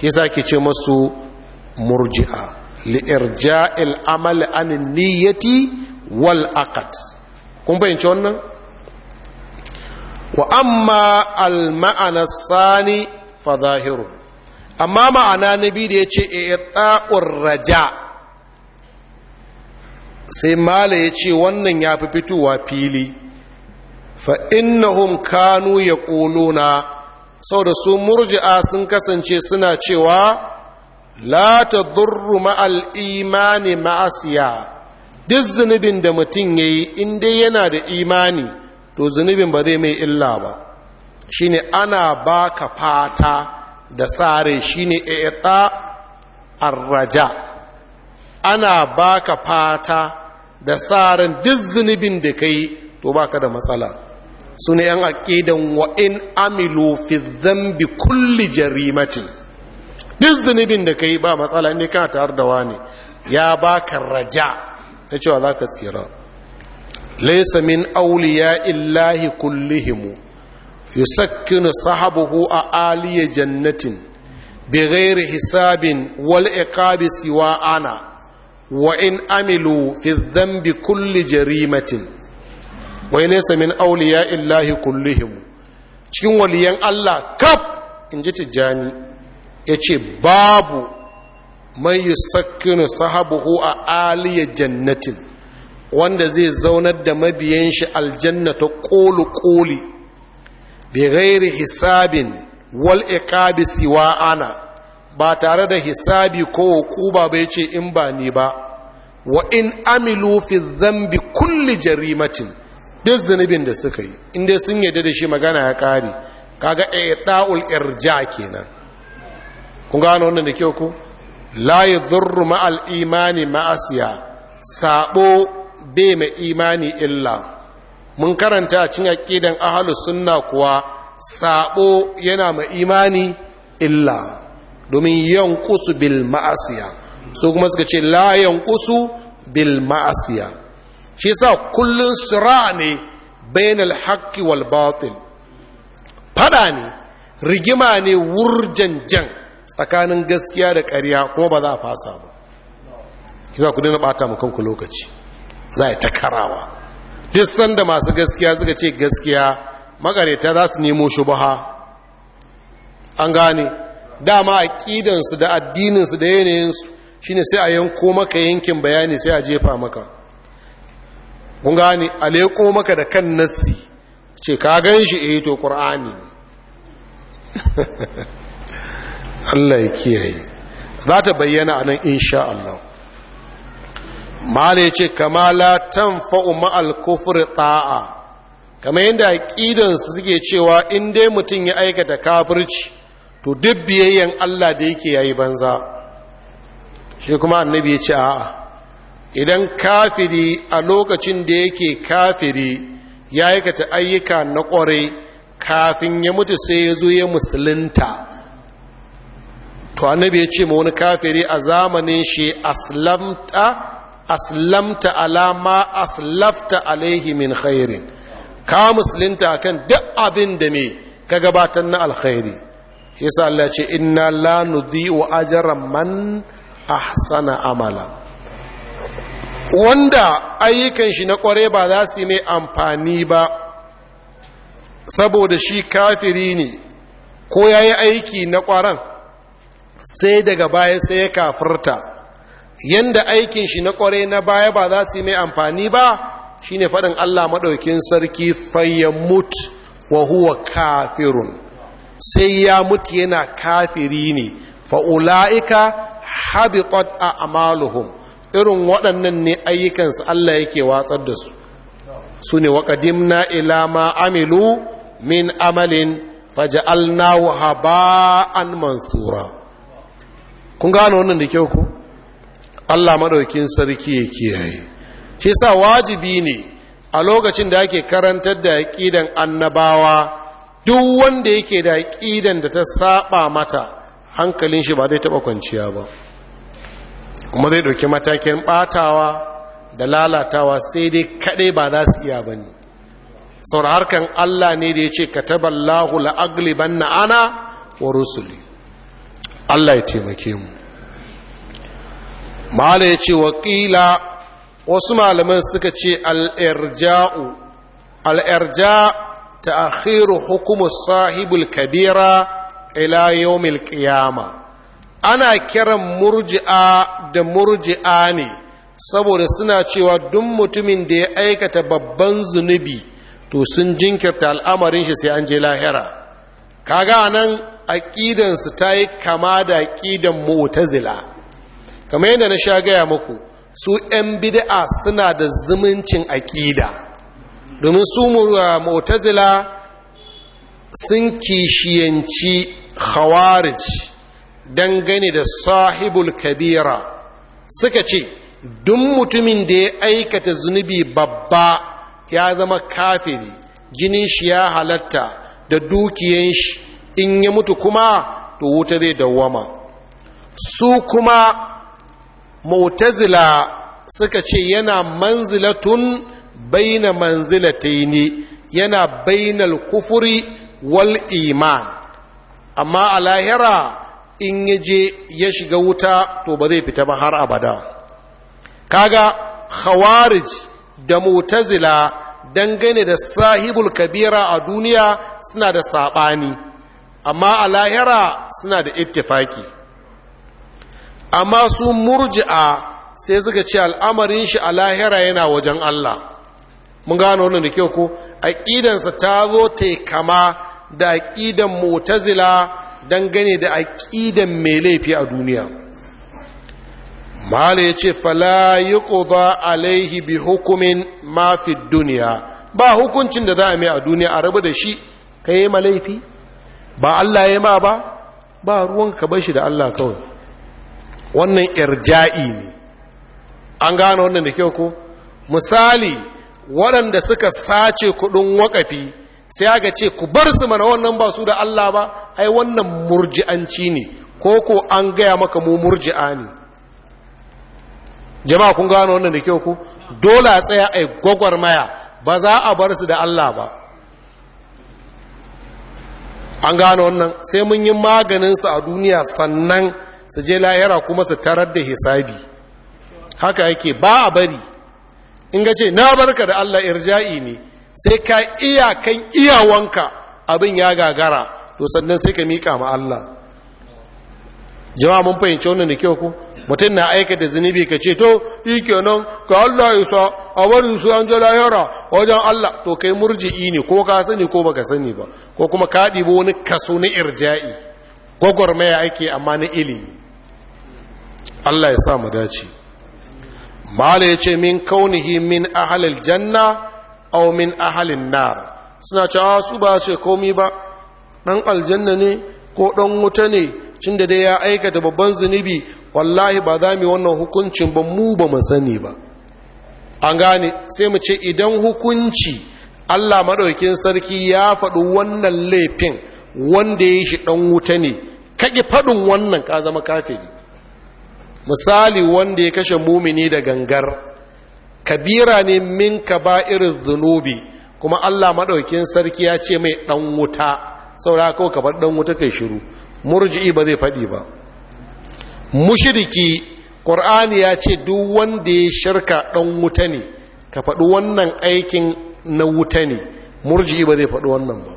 shi yasa ke ce masu murji'a li'irja'il amal an niyyati wal aqd kun bayyance wannan wa amma al ma'ana sani fa zahiru amma ma'ana na bi da yace i'ta'ur raja sai mala yace wannan yafi fitowa fili fa innahum kanu yaquluna saboda su murji'a sun kasance suna cewa la tadurru ma'al ma'asiya duk zunubin da mutum yayi in dai yana da imani to zunubin ba zai mai illa ba shine ana baka fata da tsare shine a arraja ana baka fata da tsarin duk zunubin da ka yi, to ba ka da matsala su yan aƙidan wa in amilu fi zambi kulli jarimatin duk zunubin da ka yi ba matsala ne ka tare da wani ya baka raja na cewa za ka tsira laisa min auliya illahi kullihimu yusakkinu sahabuhu a aliya jannatin bighairi hisabin wal iqabi siwa ana wa in amilu fi zambi kulli jarimatin wai samin min ya illahi kullihim cikin waliyan Allah kaf in ji tijjani ce babu mai yi yusakkinu sahabuhu a aliyar jannatin wanda zai zaunar da mabiyan shi aljanna ta koli koli bi gairi hisabin wal iqabi siwa ana ba tare da hisabi ko kuba bai ce in ba ni ba wa in amilu fi zambi kulli jarimatin duk zunubin da suka yi inda sun yadda da shi magana ya ƙari kaga ɗa'ul irja kenan kun gano wannan da kyau ku la zurru ma'al imani ma'asiya sabo be mai imani illa mun karanta a cikin aƙidan ahalus sunna kuwa sabo yana mai imani illa domin yankusu bil ma'asiya so kuma suka ce la yankusu bil ma'asiya shi sa kullun sura ne bainal haƙƙi wal batil fada ne rigima ne wurjanjan jan tsakanin gaskiya da ƙarya kuma ba za a fasa ba za ku dina bata mu kanku lokaci za a ta karawa duk sanda masu gaskiya suka ce gaskiya makareta za su nemo shubaha an gane dama a ƙidansu da addininsu da yanayinsu shine sai a yanko maka yankin bayani sai a jefa maka kun gane a maka da kan nassi ce ka gan shi eh to ƙur'ani Allah ya kiyaye za ta bayyana anan nan insha Allah mala ya ce kama la tanfa'u al kufr ta'a kamar yadda su suke cewa in dai mutum ya aikata kafirci to duk biyayyen Allah da yake yayi banza shi kuma annabi ya ce a'a idan kafiri a lokacin da yake kafiri ya aikata ayyuka na ƙwarai kafin ya mutu sai ya zo ya musulunta to annabi ya ce ma wani kafiri a zamanin shi aslamta aslamta alama aslafta alaihi min khairin ka musulunta kan duk abin da me ka gabatar na alkhairi yasa Allah ce inna la wa ajran man ahsana amala wanda ayyukan shi na kware ba za su yi mai amfani ba saboda shi kafiri ne ko ya yi aiki na kwaran sai daga baya sai ya kafirta yanda aikin shi na kware na baya ba za su yi mai amfani ba shi ne faɗin Allah maɗaukin sarki fayyamut wa huwa kafirun sai ya mutu yana kafiri ne fa'ula'ika habitat a amaluhum irin waɗannan ne ayyukansu Allah yake watsar da su su ne wa qadimna ila ma amilu min amalin faj'alnahu haba'an mansura kun gano wannan da kyau ku Allah maɗaukin sarki ya kiyaye shi sa wajibi ne a lokacin da ake karantar da ƙidan annabawa duk wanda yake da ƙidan da ta saba mata hankalin shi ba zai taɓa kwanciya ba kuma zai ɗauki matakin ɓatawa da lalatawa sai dai kaɗai ba za su iya ba ne sauran harkan allah ne da ya ce ka taɓa lahu la'agliban na ana wa rusuli allah ya taimake mu ma'ala ya ce waƙila wasu malaman suka ce al'irja'u al'irja ta akhiru hukumu sahibul kabira ila yawmil qiyama ana kiran murji'a da murji'a ne saboda suna cewa duk mutumin da ya aikata babban zunubi to sun jinkirta al'amarin shi sai an je lahira kaga nan aƙidansu ta yi kama da aƙidan mu'tazila kamar yadda na sha gaya muku su 'yan bid'a suna da zumuncin aƙida domin su uh, mu'tazila sun kishiyanci khawarij dangane da sahibul kabira suka ce duk mutumin da ya aikata zunubi babba ya zama kafiri jinin shi ya halatta da dukiyan shi in ya mutu kuma to wuta zai dawwama su kuma motazila suka ce yana manzilatun baina manzilataini yana bainal kufuri wal iman amma a lahira in ya je ya shiga wuta to ba zai fita ba har abada kaga khawarij da mutazila dangane da sahibul kabira a duniya suna da saɓani amma a lahira suna da ittifaki amma su murji'a sai suka ce al'amarin shi a lahira yana wajen Allah mun gano wannan da kyau ko aqidansa ta zo ta kama da aƙidan mutazila dangane da aƙidan mai laifi a duniya mahala ya ce fala yi ƙuda alaihi bi hukumin mafi duniya ba hukuncin da za a mai a duniya a rabu da shi ka yi malaifi ba Allah ya ma ba ba ruwan ka bashi da Allah kawai wannan irja'i ne an gane wannan da kyau ko misali waɗanda suka sace kuɗin wakafi sai aka ce ku bar su mana wannan ba su da Allah ba ai wannan murji'anci ne ko ko an gaya maka mu murji'a ne jama'a kun gano wannan da kyau ku dole a tsaya ai maya ba za a bar su da Allah ba an gano wannan sai mun yi maganin maganinsu a duniya sannan su je layara kuma su tarar da hisabi haka yake ba a bari in ga ce na barka da Allah irja'i ne sai ka iyakan iyawanka abin ya gagara to sannan sai ka miƙa ma Allah jama'a mun fahimci wannan da kyau ku? mutum na aikata zunubi ka ce to yi kenan ka Allah ya sa a bari su an jala yara wajen Allah to kai murji'i ne ko ka sani ko baka sani ba ko kuma ka ɗibo wani kaso na irja'i gwagwarmaya ake amma na ilimi Allah ya sa mu dace mala ya ce min kaunihi min ahalil janna aw ahalin nar suna cewa ah, su ba su komi ba ɗan aljanna ne ko dan wuta ne cin da dai ya aikata babban zunubi wallahi ba za mu wannan hukuncin ba mu ba mu sani ba an gane sai mu ce idan hukunci Allah maɗaukin sarki ya faɗi wannan laifin wanda ya shi ɗan wuta ne kage faɗin wannan ka zama kafiri misali wanda ya kashe mumini da gangar kabira ne min ka irin zunubi kuma Allah maɗaukin sarki ya ce mai ɗan wuta saura ko ka bar ɗan wuta kai shiru murji'i ba zai faɗi ba mushriki ƙur'ani ya ce duk wanda ya shirka ɗan wuta ne ka faɗi wannan aikin na wuta ne murji'i ba zai faɗi wannan ba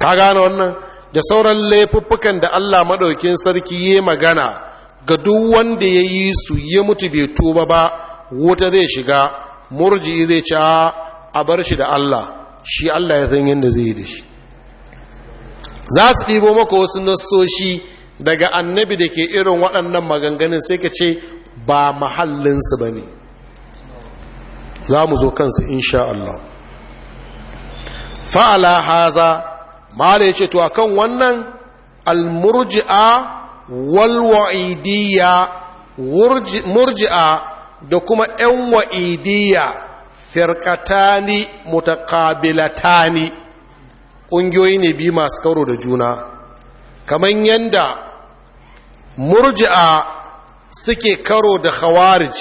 ka gane wannan da sauran laifuffukan da Allah maɗaukin sarki ya magana ga duk wanda ya yi su ya mutu bai tuba ba wuta zai shiga murji zai ci a bar shi da Allah shi Allah ya san yadda zai yi da shi za su ɗibo maka wasu nassoshi daga annabi da ke irin waɗannan maganganun sai ka ce ba mahallinsu ba ne za mu zo kansu insha Allah fa'ala haza mala ya ce to akan wannan almurji'a walwa'idiyya murji'a da kuma ‘yan wa'idiyya firkatani mutakabilatani ƙungiyoyi ne biyu masu karo da juna kamar yadda murji'a suke karo da khawarij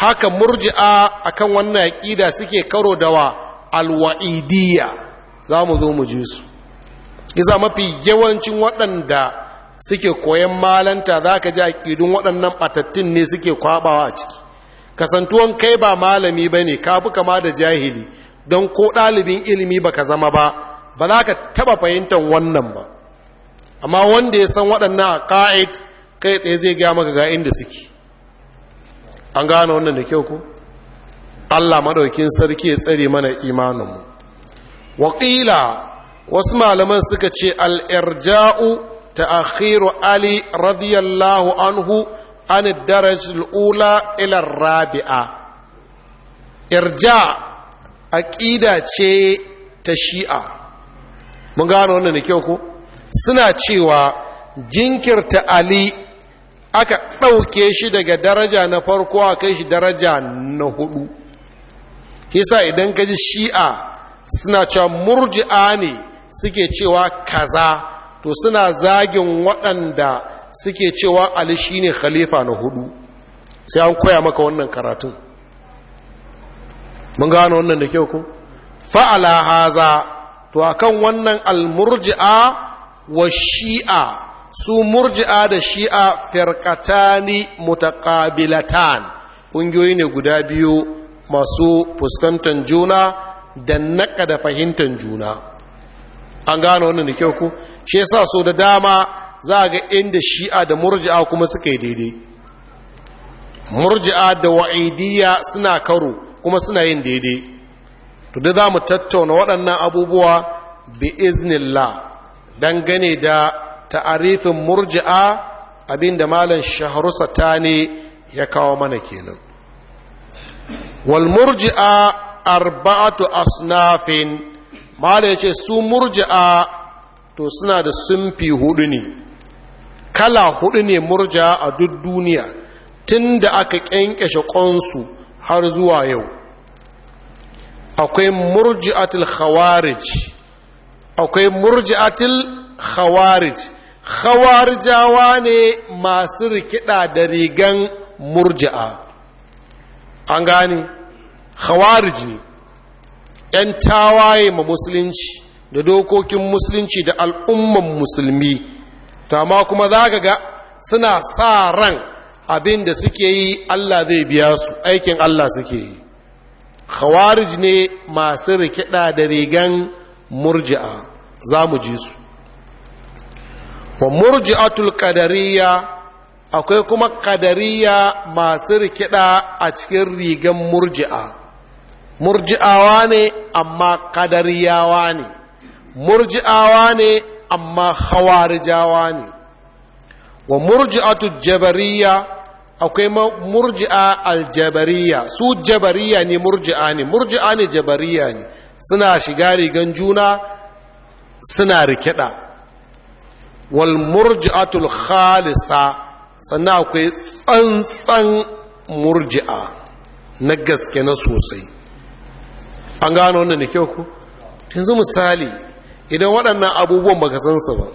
haka murji'a akan wannan aƙida suke karo da wa alwa'idiyya za mu zo mu ji su isa mafi yawancin waɗanda suke koyan malanta za ka ji a aƙidun waɗannan ɓatattun ne suke kwaɓawa a ciki kasantuwan kai ba malami ba ne ka buka kama da jahili don ko ɗalibin ilimi ba ka zama ba ba za ka taɓa fahimtar wannan ba amma wanda ya san waɗannan a ƙa'id kai tsaye zai gaya maka ga inda suke an gane wannan da kyau ku allah maɗaukin sarki ya tsare mana imaninmu waƙila wasu malaman suka ce al'irja'u ta'akhiru ali radiyallahu anhu an daraj ula ila rabi'a irja aqida ce ta shi'a mun gano wannan da kyau ko suna cewa jinkirta ali aka ɗauke shi daga daraja na farko a kai shi daraja na hudu kisa idan ka ji shi'a suna cewa murji'a ne suke cewa kaza to suna zagin waɗanda suke cewa ali shine khalifa na hudu sai an koya maka wannan karatun mun gano wannan da kyau ko fa'ala haza to akan wannan almurji'a wa shi'a su murji'a da shi'a firqatani mutaqabilatan ƙungiyoyi ne guda biyu masu fuskantar juna da naka da fahimtar juna an gano wannan da kyau ku shi yasa so da dama za a ga inda shi'a da murji'a kuma suka yi daidai murji'a da wa'idiyya suna karo kuma suna yin daidai to da za mu tattauna waɗannan abubuwa bi iznillah dangane da ta'arifin murji'a abinda malam shahrusa ta ya kawo mana kenan wal murji'a arba'atu asnafin malam ya ce su murji'a to suna da sunfi hudu ne kala hudu ne murja a duk duniya tun da aka ƙyanƙyashe ƙonsu har zuwa yau akwai murji'atul khawarij akwai murji'atul khawarij khawarijawa ne masu rikida da rigan murji'a an gane khawarij ne 'yan tawaye ma musulunci da dokokin musulunci da al'umman musulmi amma kuma za ka ga suna sa ran abin da suke yi Allah zai biya su aikin Allah suke yi khawarij ne masu rikida da rigan murji'a za mu ji su wa murji'atul qadariyya akwai kuma qadariyya masu rikida a cikin rigan murji'a murji'awa ne amma qadariyawa ne murji'awa ne amma hawarijawa ne wa murji'atu jabariya akwai murji'a aljabariya su jabariya ne murji'a ne murji'a ne jabariya ne suna shiga rigan juna suna rikida wal murji'atu khalisa sannan akwai tsantsan murji'a na gaske na sosai an gano wannan da kyau ku yanzu misali idan waɗannan abubuwan baka san su ba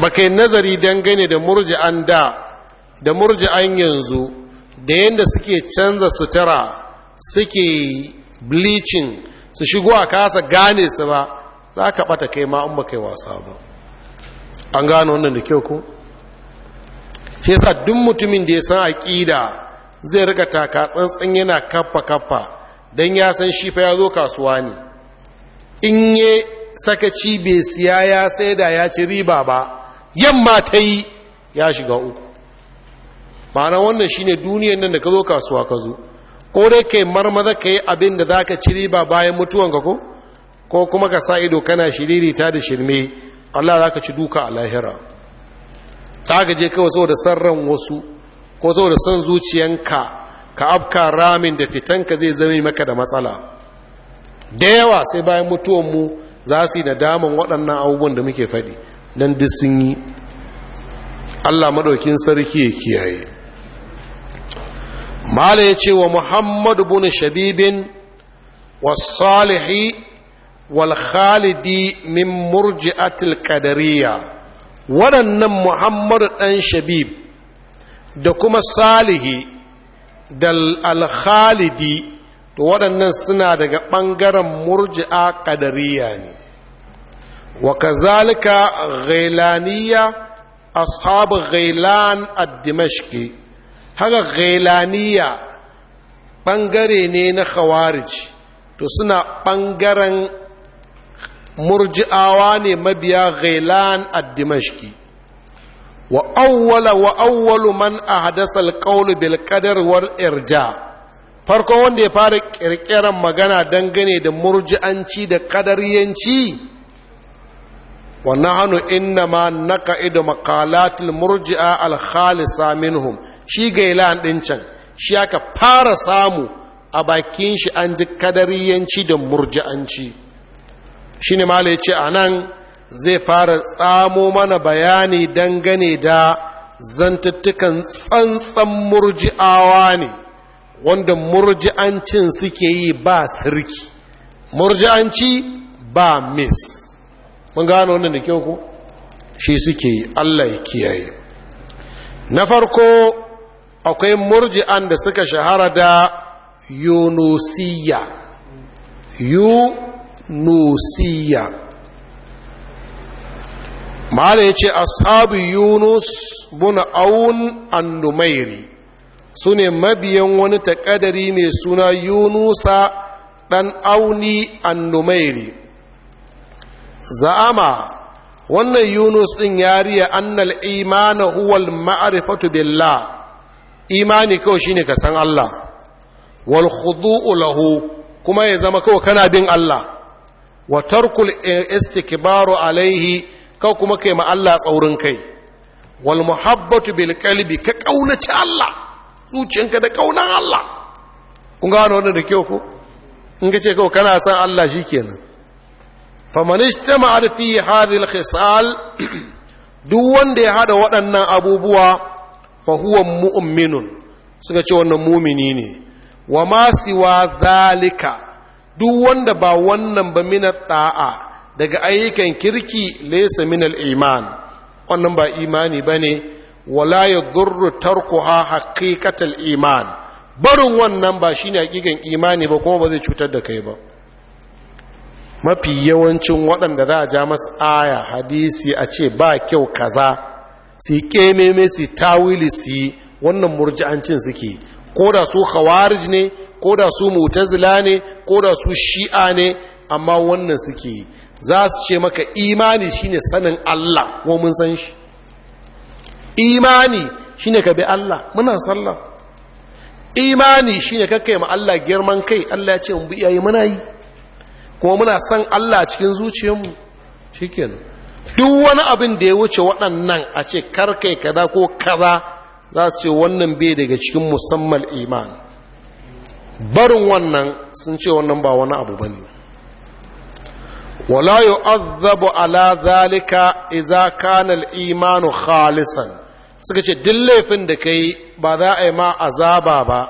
baka yi nazari dangane da murji'an da da murji'an yanzu da yadda suke canza sutura suke bleaching su shigo a kasa gane su ba za ka ɓata kai ma in baka yi wasa ba an gano wannan da kyau ko shi yasa duk mutumin da ya san aƙida zai rika taka tsantsan yana kaffa kaffa don ya san shi fa ya zo kasuwa ne in ye sakaci bai siya ya sai da ya ci riba ba yamma ta yi ya shiga uku ma'ana wannan shine duniyan nan da ka zo kasuwa ka zo ko dai kai marmaza ka yi abin da za ka ci riba bayan mutuwanka ko ko kuma ka sa ido kana shiririta da shirme allah za ka ci duka a lahira ta je kawai saboda ran wasu ko saboda son zuciyanka ka afka ramin da fitanka zai zama maka da matsala da yawa sai bayan mutuwanmu za su yi da waɗannan abubuwan da muke faɗi don duk sun yi allah maɗaukin sarki ya kiyaye mala ya ce wa muhammadu bin shabibin wasalihi walkhalidi min murji'atil qadariya waɗannan muhammadu ɗan shabib da kuma salihi da alkhalidi to waɗannan suna daga ɓangaren murji'a ƙadariya ne wa kazalika ghailaniya ashabu ghailan ad-dimashqi haka ghailaniya ɓangare ne na khawarij to suna ɓangaren murji'awa ne mabiya ghailan ad-dimashqi wa awwala wa awwalu man ahdasa al-qawl bil qadar irja' farkon wanda ya fara kirkiran magana dangane da murji'anci da kadariyanci wannan hannu inna ma naka ido makalatul murji'a alkhalisa minhum shi gailan ɗin can shi aka fara samu a bakin shi an ji kadariyanci da murji'anci shi ne mala ya ce a nan zai fara tsamo mana bayani dangane da zantattukan tsantsan murji'awa ne wanda murji'ancin suke yi ba sirki murji'anci ba mis mun gano wannan da kyau ko shi suke yi Allah ya kiyaye na farko akwai murji'an da suka shahara da yunusiya yunusiya ma'ala ya ce ashabu yunus buna aun annumairi su ne mabiyan wani taƙadari mai suna yunusa ɗan auni annumairi za'ama wannan yunus ɗin ya riya annal imana huwal ma'arifatu billah imani kawai shine ka san Allah wal khudu'u lahu kuma ya zama kawai kana bin Allah wa tarkul istikbaru alaihi kawai kuma kai ma Allah tsaurin kai wal muhabbatu bil qalbi ka kaunaci Allah zuciyanka da kaunan Allah kun gano wannan da kyau ko in ka ce kawai kana san Allah shi faman ijtama'a fi hadhihi al-khisal duk wanda ya hada waɗannan abubuwa fa huwa mu'minun suka ce wannan mumini ne wa ma siwa zalika duk wanda ba wannan ba min ta'a daga ayyukan kirki laysa min al-iman wannan ba imani bane wala yadurru tarkuha haqiqatal iman barin wannan ba shine hakikan imani ba kuma ba zai cutar da kai ba mafi yawancin waɗanda za ja masu aya hadisi a ce ba kyau kaza su kememe su tawili su yi wannan murji'ancin suke ko da su khawarij ne ko da su mutazila ne ko da su shi'a ne amma wannan suke za su ce maka imani shine sanin Allah ko mun san shi imani shi ne ka bi Allah muna sallah imani shi ne kakai ma Allah girman kai Allah ya ce mu bi iyaye muna yi kuma muna san Allah cikin zuciyarmu shikenan duk wani abin da ya wuce waɗannan a ce karkai kaza ko kaza za su ce wannan bai daga cikin musamman iman barin wannan sun ce wannan ba wani abu bane wala yu'azzabu ala zalika idza kana al-imanu khalisan suka ce duk laifin da kai ba za a yi ma azaba ba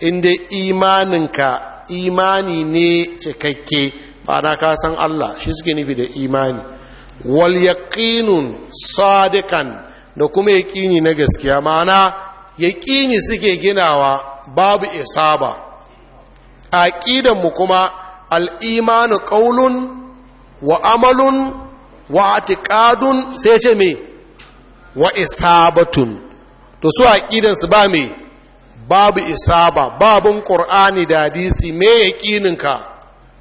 inda imaninka imani ne cikakke Ba na san Allah shi suke nufi da imani wal yaqinun sadiqan da kuma yaqini na gaskiya ma'ana yaqini suke ginawa babu isaba aqidan mu kuma al imanu qawlun wa amalun wa atikadun sai ce me wa isabatun to su a su ba mai babu isaba babun ƙor'ani da hadisi me ƙininka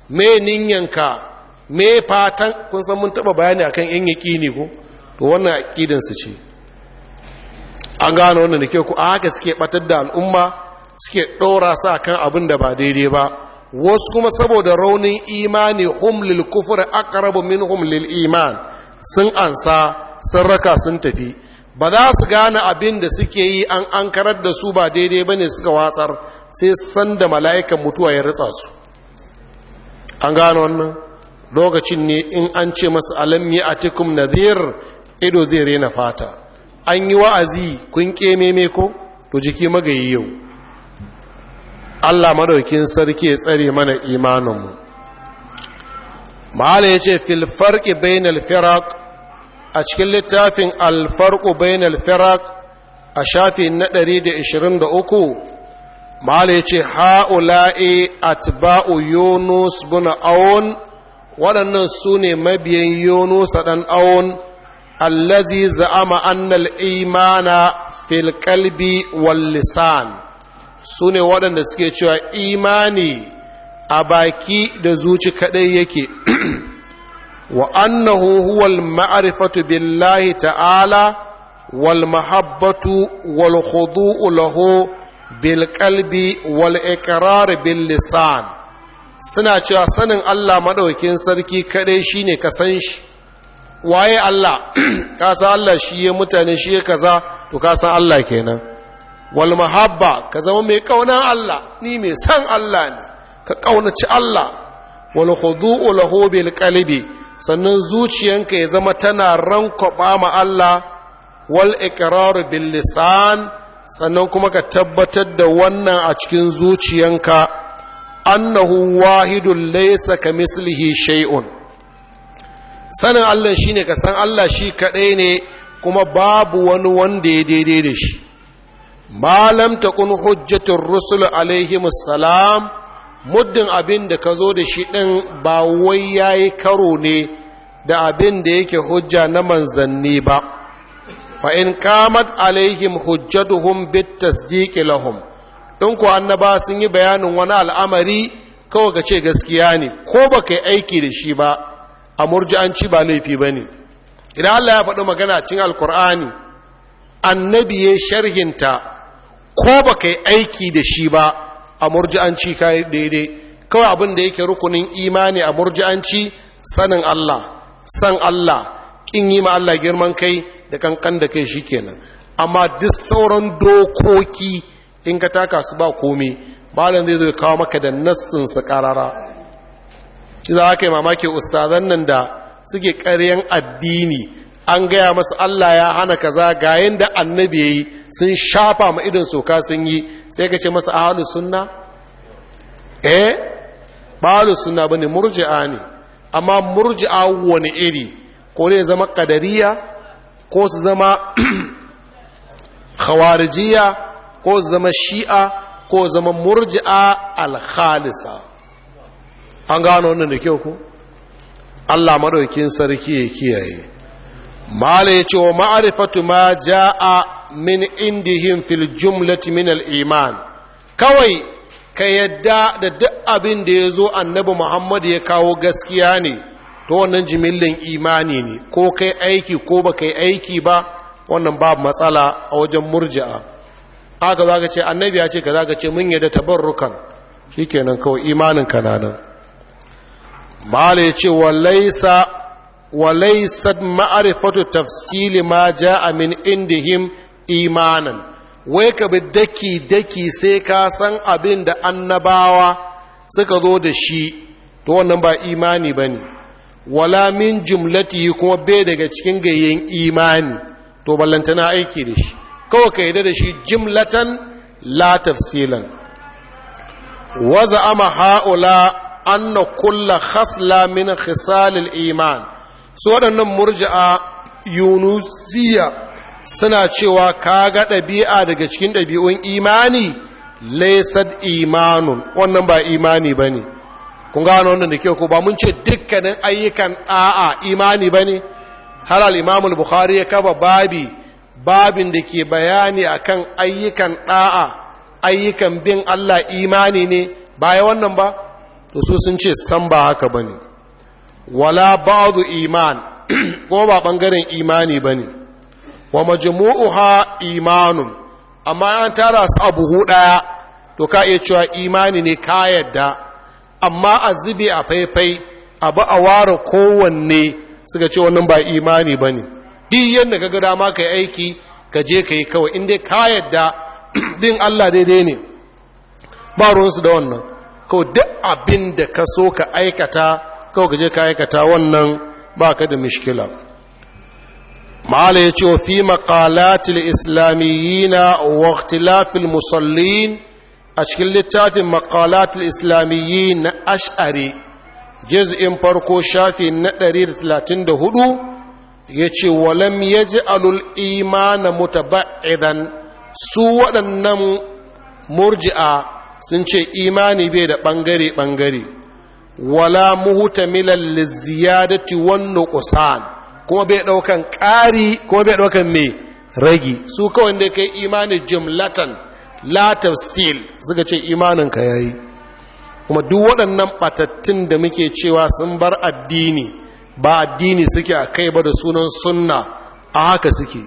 me ninyanka me fatan kun san mun taba bayani akan yan ƙini ko to wannan a su ce an gano wannan da ke ku a haka suke batar da al'umma suke ɗora sa kan abin da ba daidai ba wasu kuma saboda raunin imani hum lil kufri aqrabu minhum lil iman sun ansa sun raka sun tafi ba za su gane abin da suke yi an ankarar da su ba daidai ba ne suka watsar sai san da mala'ikan mutuwa ya ritsa su an gano wannan lokacin ne in an ce masu alam a atikum nadir ido zai rena fata an yi wa'azi kun keme ko to jiki magayi yau Allah maɗaukin sarki ya tsare mana imaninmu mahala ya ce filfarki bainal firak a cikin littafin alfarku bainar firak a shafi na 123 mahala ya ce ha'ula'i atba'u yunus buna awon waɗannan su ne mabiyan yunus a ɗan awon allazi za'ama annal imana fil kalbi wal lisan su ne waɗanda suke cewa imani a baki da zuci kaɗai yake wa annahu huwal ma'arifatu billahi ta'ala wal mahabbatu wal khudu'u lahu bil qalbi wal iqrar bil lisan suna cewa sanin Allah maɗaukin sarki kaɗai shine ka san shi waye Allah ka san Allah shi ya mutane shi ya kaza to ka san Allah kenan wal mahabba ka zama mai kauna Allah ni mai san Allah ne ka kaunaci Allah wal khudu'u lahu bil qalbi sannan zuciyanka ya zama tana rankwaba ma Allah wal iqrar bil lisan sannan kuma ka tabbatar da wannan a cikin zuciyanka annahu wahidun laysa kamislihi shay'un sanin Allah shine ka san Allah shi kadai ne kuma babu wani wanda ya daidai da shi ma lam takun hujjatur rusul alaihimus salam muddin abin da ka zo da shi ɗin ba wai yayi karo ne da abin da yake hujja na manzanni ba fa in qamat alaihim hujjatuhum bit tasdiqi lahum in ku annaba sun yi bayanin wani al'amari kawai ka ce gaskiya ne ko baka yi aiki da shi ba a murji'anci ba laifi ba ne idan Allah ya faɗi magana cikin alkur'ani annabi ya sharhinta ko ba ka yi aiki da shi ba a murji'anci ka yi daidai kawai abin da yake rukunin imani a murji'anci sanin Allah san Allah kin yi ma Allah girman kai da kankan da kai shi kenan amma duk sauran dokoki in ka taka su ba komai malam zai zo kawo maka da nassin su karara za a yi mamaki ustazan nan da suke karyan addini an gaya masa Allah ya hana kaza ga da annabi ya yi sun shafa ma idan soka sun yi sai ka ce masa ahalu sunna eh ba ahalu sunna bane murji'a ne amma murji'a wani iri ko ne zama kadariya ko su zama khawarijiya ko su zama shi'a ko su zama murji'a alkhalisa an gano wannan da kyau ku Allah madaukin sarki ya kiyaye mala ya ce wa ma'arifatu ma ja'a min indihim fil jumlati min iman kawai ka yadda da duk abin da ya zo annabi muhammad ya kawo gaskiya ne to wannan jimillin imani ne ko kai aiki ko ba kai aiki ba wannan babu matsala a wajen murji'a aka za ka ce annabi ya ce ka za ka ce mun yadda tabarrukan shikenan kawai imanin kananan mala ya ce wa laisa wa laysat ma'rifatu tafsili ma ja'a min indihim imanan wai ka bi daki daki sai ka san abin da annabawa suka zo da shi to wannan ba imani bane wala min jumlatihi kuma bai daga cikin gayyen imani to ballantana aiki da shi kawai ka yadda da shi jimlatan la tafsilan waza ama ha'ula anna kulla hasla min khisalil iman su waɗannan murji'a yunusiya suna cewa kaga ɗabi'a daga cikin ɗabi'un imani laisad imanun wannan ba imani ba ne kun gano wannan da kyau ko ba mun ce dukkanin ayyukan ɗa'a imani ba ne har al'imamul bukhari ya kaba babi babin da ke bayani akan ayyukan ɗa'a ayyukan bin allah imani ne baya wannan ba to su sun ce san ba haka ba ne wala ba'du iman ko ba bangaren imani bane wa majmu'uha imanun amma an tara su abu ɗaya, to ka iya cewa imani ne ka yadda amma a zube a faifai abu a ware kowanne suka ce wannan ba imani ba ne ɗi yadda ka ga dama ka yi aiki ka je ka yi kawai In ka yadda ɗin allah daidai ne ba ruwansu da wannan kawai duk abin da ka so ka aikata kawai ka je ka aikata wannan ba ka da mishkila ma'ala ya ce fi maƙalatil islamiyyina na ikhtilafil musallin a cikin littafin maƙalatil islamiyyi na ash'ari juz'in farko shafi na 134 ya ce walam ya ji alul imana mutaba'idan su waɗannan murji'a sun ce imani bai da ɓangare-ɓangare wala muhtamilan liziyadati wan nuqsan kuma bai daukan ƙari kuma bai daukan me ragi su kawai da kai imani jumlatan la tafsil suka ce imanin ka yayi kuma duk waɗannan batattun da muke cewa sun bar addini ba addini suke a kai ba da sunan sunna a haka suke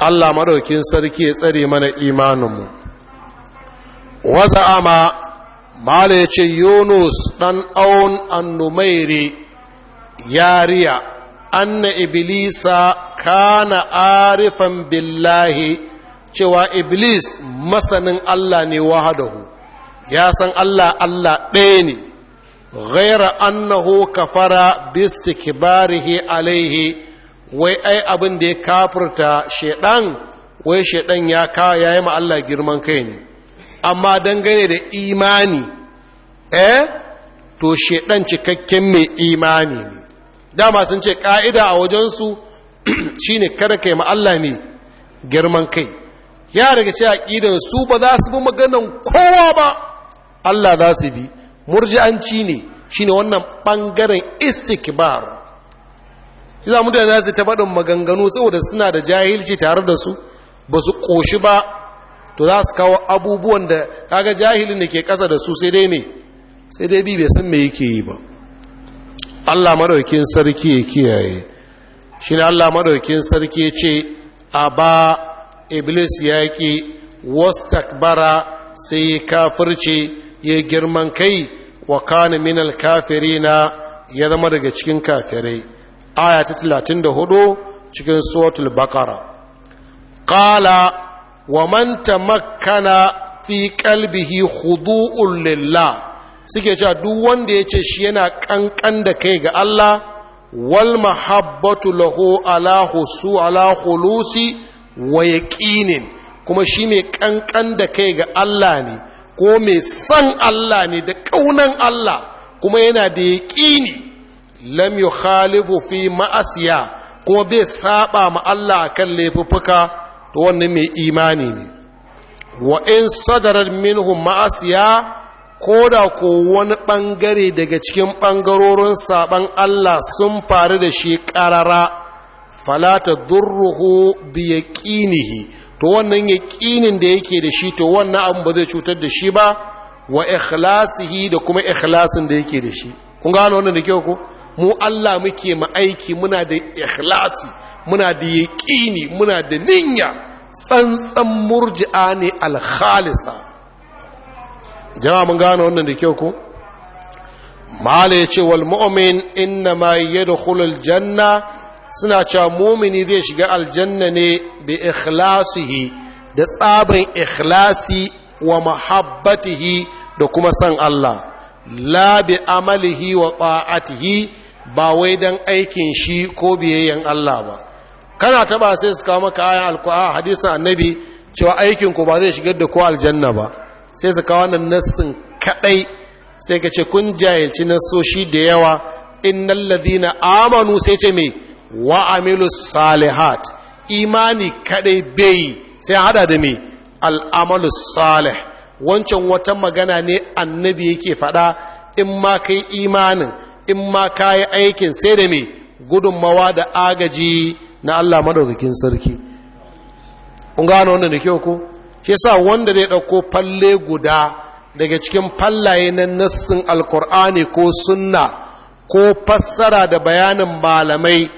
Allah maɗaukin sarki ya tsare mana imaninmu wasa ama mala ya ce yunus ɗan aun annumairi yariya anna iblisa kana arifan billahi cewa iblis masanin allah ne wahadahu ya san allah allah ɗaya ne ghaira annahu kafara bistikbarihi alaihi wai ai abin da ya kafirta shaiɗan wai shaiɗan ya ka yayi ma Allah girman kai ne amma dangane da imani eh to shedan cikakken mai imani ne dama sun ce ka'ida a wajensu shine kada kai ma Allah ne girman kai ya daga ce aqidan su ba za su bi maganan kowa ba Allah za su bi murji'anci ne shine wannan bangaren istikbar idan mutane za su ta faɗin maganganu saboda suna da jahilci tare da su ba su ƙoshi ba to za su kawo abubuwan da kaga jahilin da ke ƙasa da su sai dai ne sai dai bi bai san me yake yi ba Allah madaukin sarki ya kiyaye shi Allah madaukin sarki ya ce a ba iblis ya ƙi wastakbara sai ya kafirce ya girman kai wa kana min alkafirina ya zama daga cikin kafirai aya ta 34 cikin suratul baqara qala wa manta tamakkana fi qalbihi khudu'un lillah suke cewa duk wanda ya ce shi yana kankan da kai ga Allah wal mahabbatu lahu ala husu ala khulusi wa yaqinin kuma shi mai kankan da kai ga Allah ne ko mai san Allah ne da kaunan Allah kuma yana da yaqini lam yukhalifu fi ma'asiya kuma bai saba ma Allah akan laifuffuka to wannan mai imani ne wa in sadarar minhum ma'asiya ko da ko wani ɓangare daga cikin ɓangarorin saɓan Allah sun faru da shi ƙarara falata durruhu bi yaqinihi to wannan yaqinin da yake da shi to wannan abin ba zai cutar da shi ba wa ikhlasihi da kuma ikhlasin da yake da shi kun gano wannan da kyau ko mu Allah muke mu aiki muna da ikhlasi muna da yaqini muna da niyya tsantsan murji'a ne alkhalisa jama'a mun gano wannan da kyau ko mala ya ce wal mu'min inna ma yadkhulu aljanna suna cewa mumini zai shiga aljanna ne bi ikhlasihi da tsaban ikhlasi wa mahabbatihi da kuma san Allah la bi amalihi wa ta'atihi ba wai dan aikin shi ko biyayyen Allah ba kana taba sai su kawo maka ayan alkuwa hadisin annabi cewa aikin ku ba zai shigar da ku aljanna ba sai su kawo nan nassin kadai sai ka ce kun jahilci nassoshi da yawa innal ladina amanu sai ce mai, wa amilus salihat imani kadai bai sai hada da me al'amalu salih wancan wata magana ne annabi yake fada in ma kai imanin in ma kayi aikin sai da mai gudunmawa da agaji na Allah madaukakin sarki kun gano wannan da kyau ko shi yasa wanda zai dauko falle guda daga cikin fallaye na nassin alkur'ani ko sunna ko fassara da bayanin malamai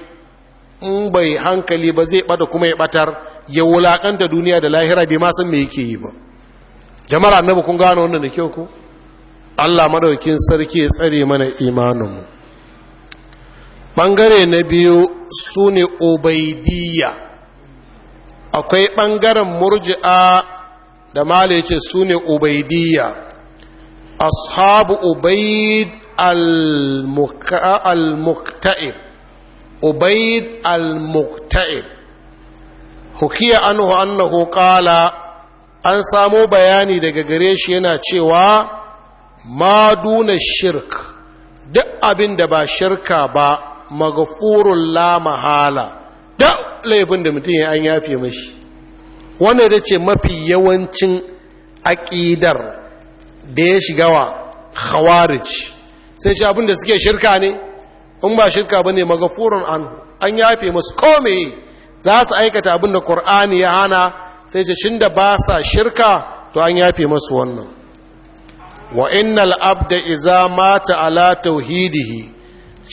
in bai hankali ba zai bada kuma ya batar ya wulakanta duniya da lahira bai ma san me yake yi ba jama'ar annabi kun gano wannan da kyau ko Allah madaukakin sarki ya tsare mana imanin mu ɓangare na biyu su ne obaidiyya akwai ɓangaren murji'a da male ce su ne obaidiyya ashabu obaid al-mukta'ib obaid al-mukta'ib hukiya anhu annahu qala an samo bayani daga gare shi yana cewa ma duna shirk duk abin da ba shirka ba magafurun la mahala da laifin da mutum ya an yafe mashi wanda da ce mafi yawancin aƙidar da ya shiga wa khawarij sai shi abin suke shirka ne in ba shirka ba ne magafurun an an yafe masu kome za su aikata abinda da ya hana sai shi shinda da ba sa shirka to an yafe masu wannan wa innal abda iza mata ala tauhidihi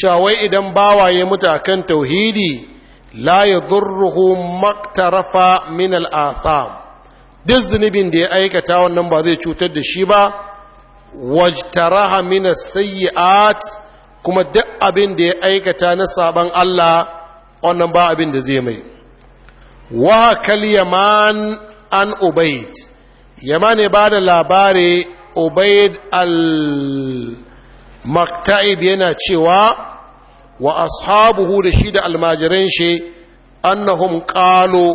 cawai idan bawaye mutakan tauhidi la ya zurruhu maktarafa min al'atham duk zunubin da ya aikata wannan ba zai cutar da shi ba wajtaraha min sayyi'at kuma duk abin da ya aikata na saban Allah wannan ba abin da zai mai wa kal yaman an ubaid yaman ne ba da labari ubaid al makta'ib yana cewa wa ashabuhu da shi da almajiran shi annahum qalu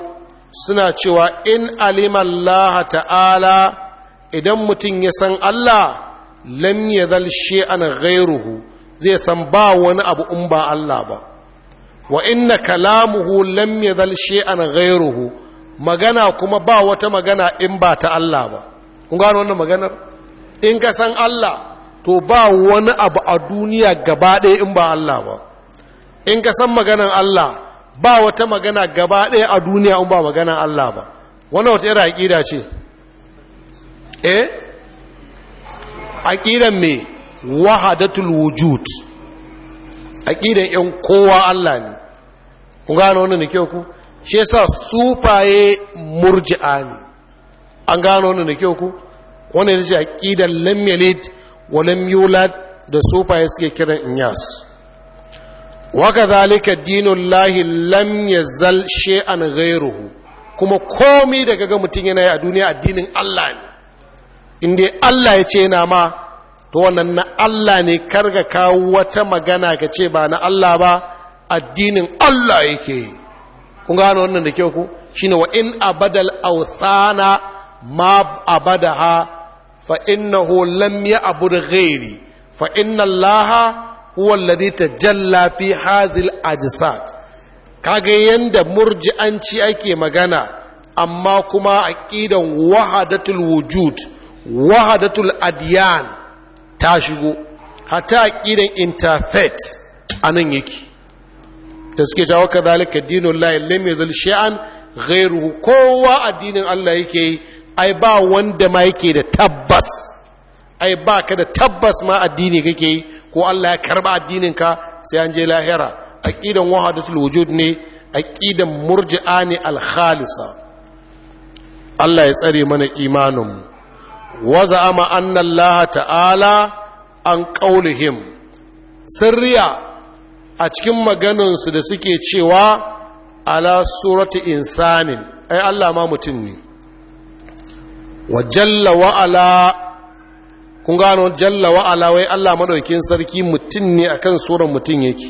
suna cewa in alima Allah ta'ala idan mutum ya san Allah lam yadhal shay'an ghayruhu zai san ba wani abu in ba Allah ba wa inna kalamuhu lam yadhal shay'an ghayruhu magana kuma ba wata magana in ba ta Allah ba kun gano wannan maganar in ka san Allah to ba wani abu a duniya gaba ɗaya in ba Allah ba in ka san maganan Allah ba wata magana gaba ɗaya a duniya in ba maganan Allah ba wani wata yara aƙida ce eh aƙidan me wahadatul wujud aƙidan ‘yan kowa Allah ne ku gano wannan da kyau ku shi yasa sufaye murji'a ne an gano wannan da kyau ku wannan ya ce aƙidan lam yalid walam yulad da ya suke kiran inyas waka zalika dinullahi lam yazal shay'an ghayruhu kuma komi da ga mutum yana yi a duniya addinin Allah ne inda Allah ya ce yana ma to wannan na Allah ne karga kawo wata magana ka ce ba na Allah ba addinin Allah yake yi kun gano wannan da kyau ku shine wa in abadal awthana ma abadaha fa innahu lam ya'bud ghairi fa inna allaha huwa alladhi tajalla fi kaga yanda murji'anci ake magana amma kuma aqidan wahadatul wujud wahadatul adyan ta shigo hatta aqidan interfaith anan yake da suke jawo kadhalika dinullahi lam yadhil shay'an ghairuhu kowa addinin Allah yake ai ba wanda ma yake da tabbas ai ba ka da tabbas ma addini kake yi ko Allah ya karba addininka sai an je lahira aqidan wahadatul wujud ne aqidan murji'a ne al-khalisa Allah ya tsare mana imanin mu wa za'ama anna Allah ta'ala an qaulihim sirriya a cikin maganar su da suke cewa ala surati insanin ai Allah ma mutum ne wa jalla wa'ala kun gano jalla wa'ala wai Allah maɗaukin sarki mutum ne akan suran mutum yake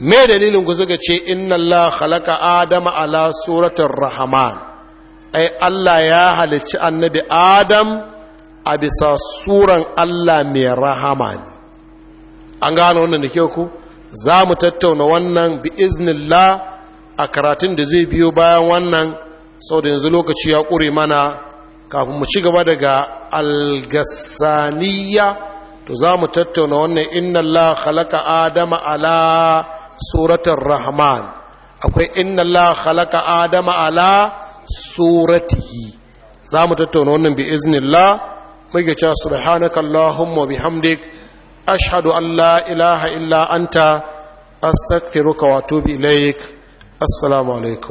me dalilin ku suka ce inna Allah khalaqa adama ala suratar rahman ai Allah ya halicci annabi adam a bisa suran Allah mai rahama ne an gano wannan da ke ku za mu tattauna wannan bi iznillah a karatun da zai biyo bayan wannan sau da yanzu lokaci ya ƙure mana kafin mu ci gaba daga algasaniya to za mu tattauna wannan inna Allah khalaqa adama ala suratul rahman akwai inna Allah khalaqa adama ala suratihi za mu tattauna wannan bi iznillah muke cewa subhanaka allahumma bihamdik ashhadu an la ilaha illa anta astaghfiruka wa atubu ilaik assalamu alaikum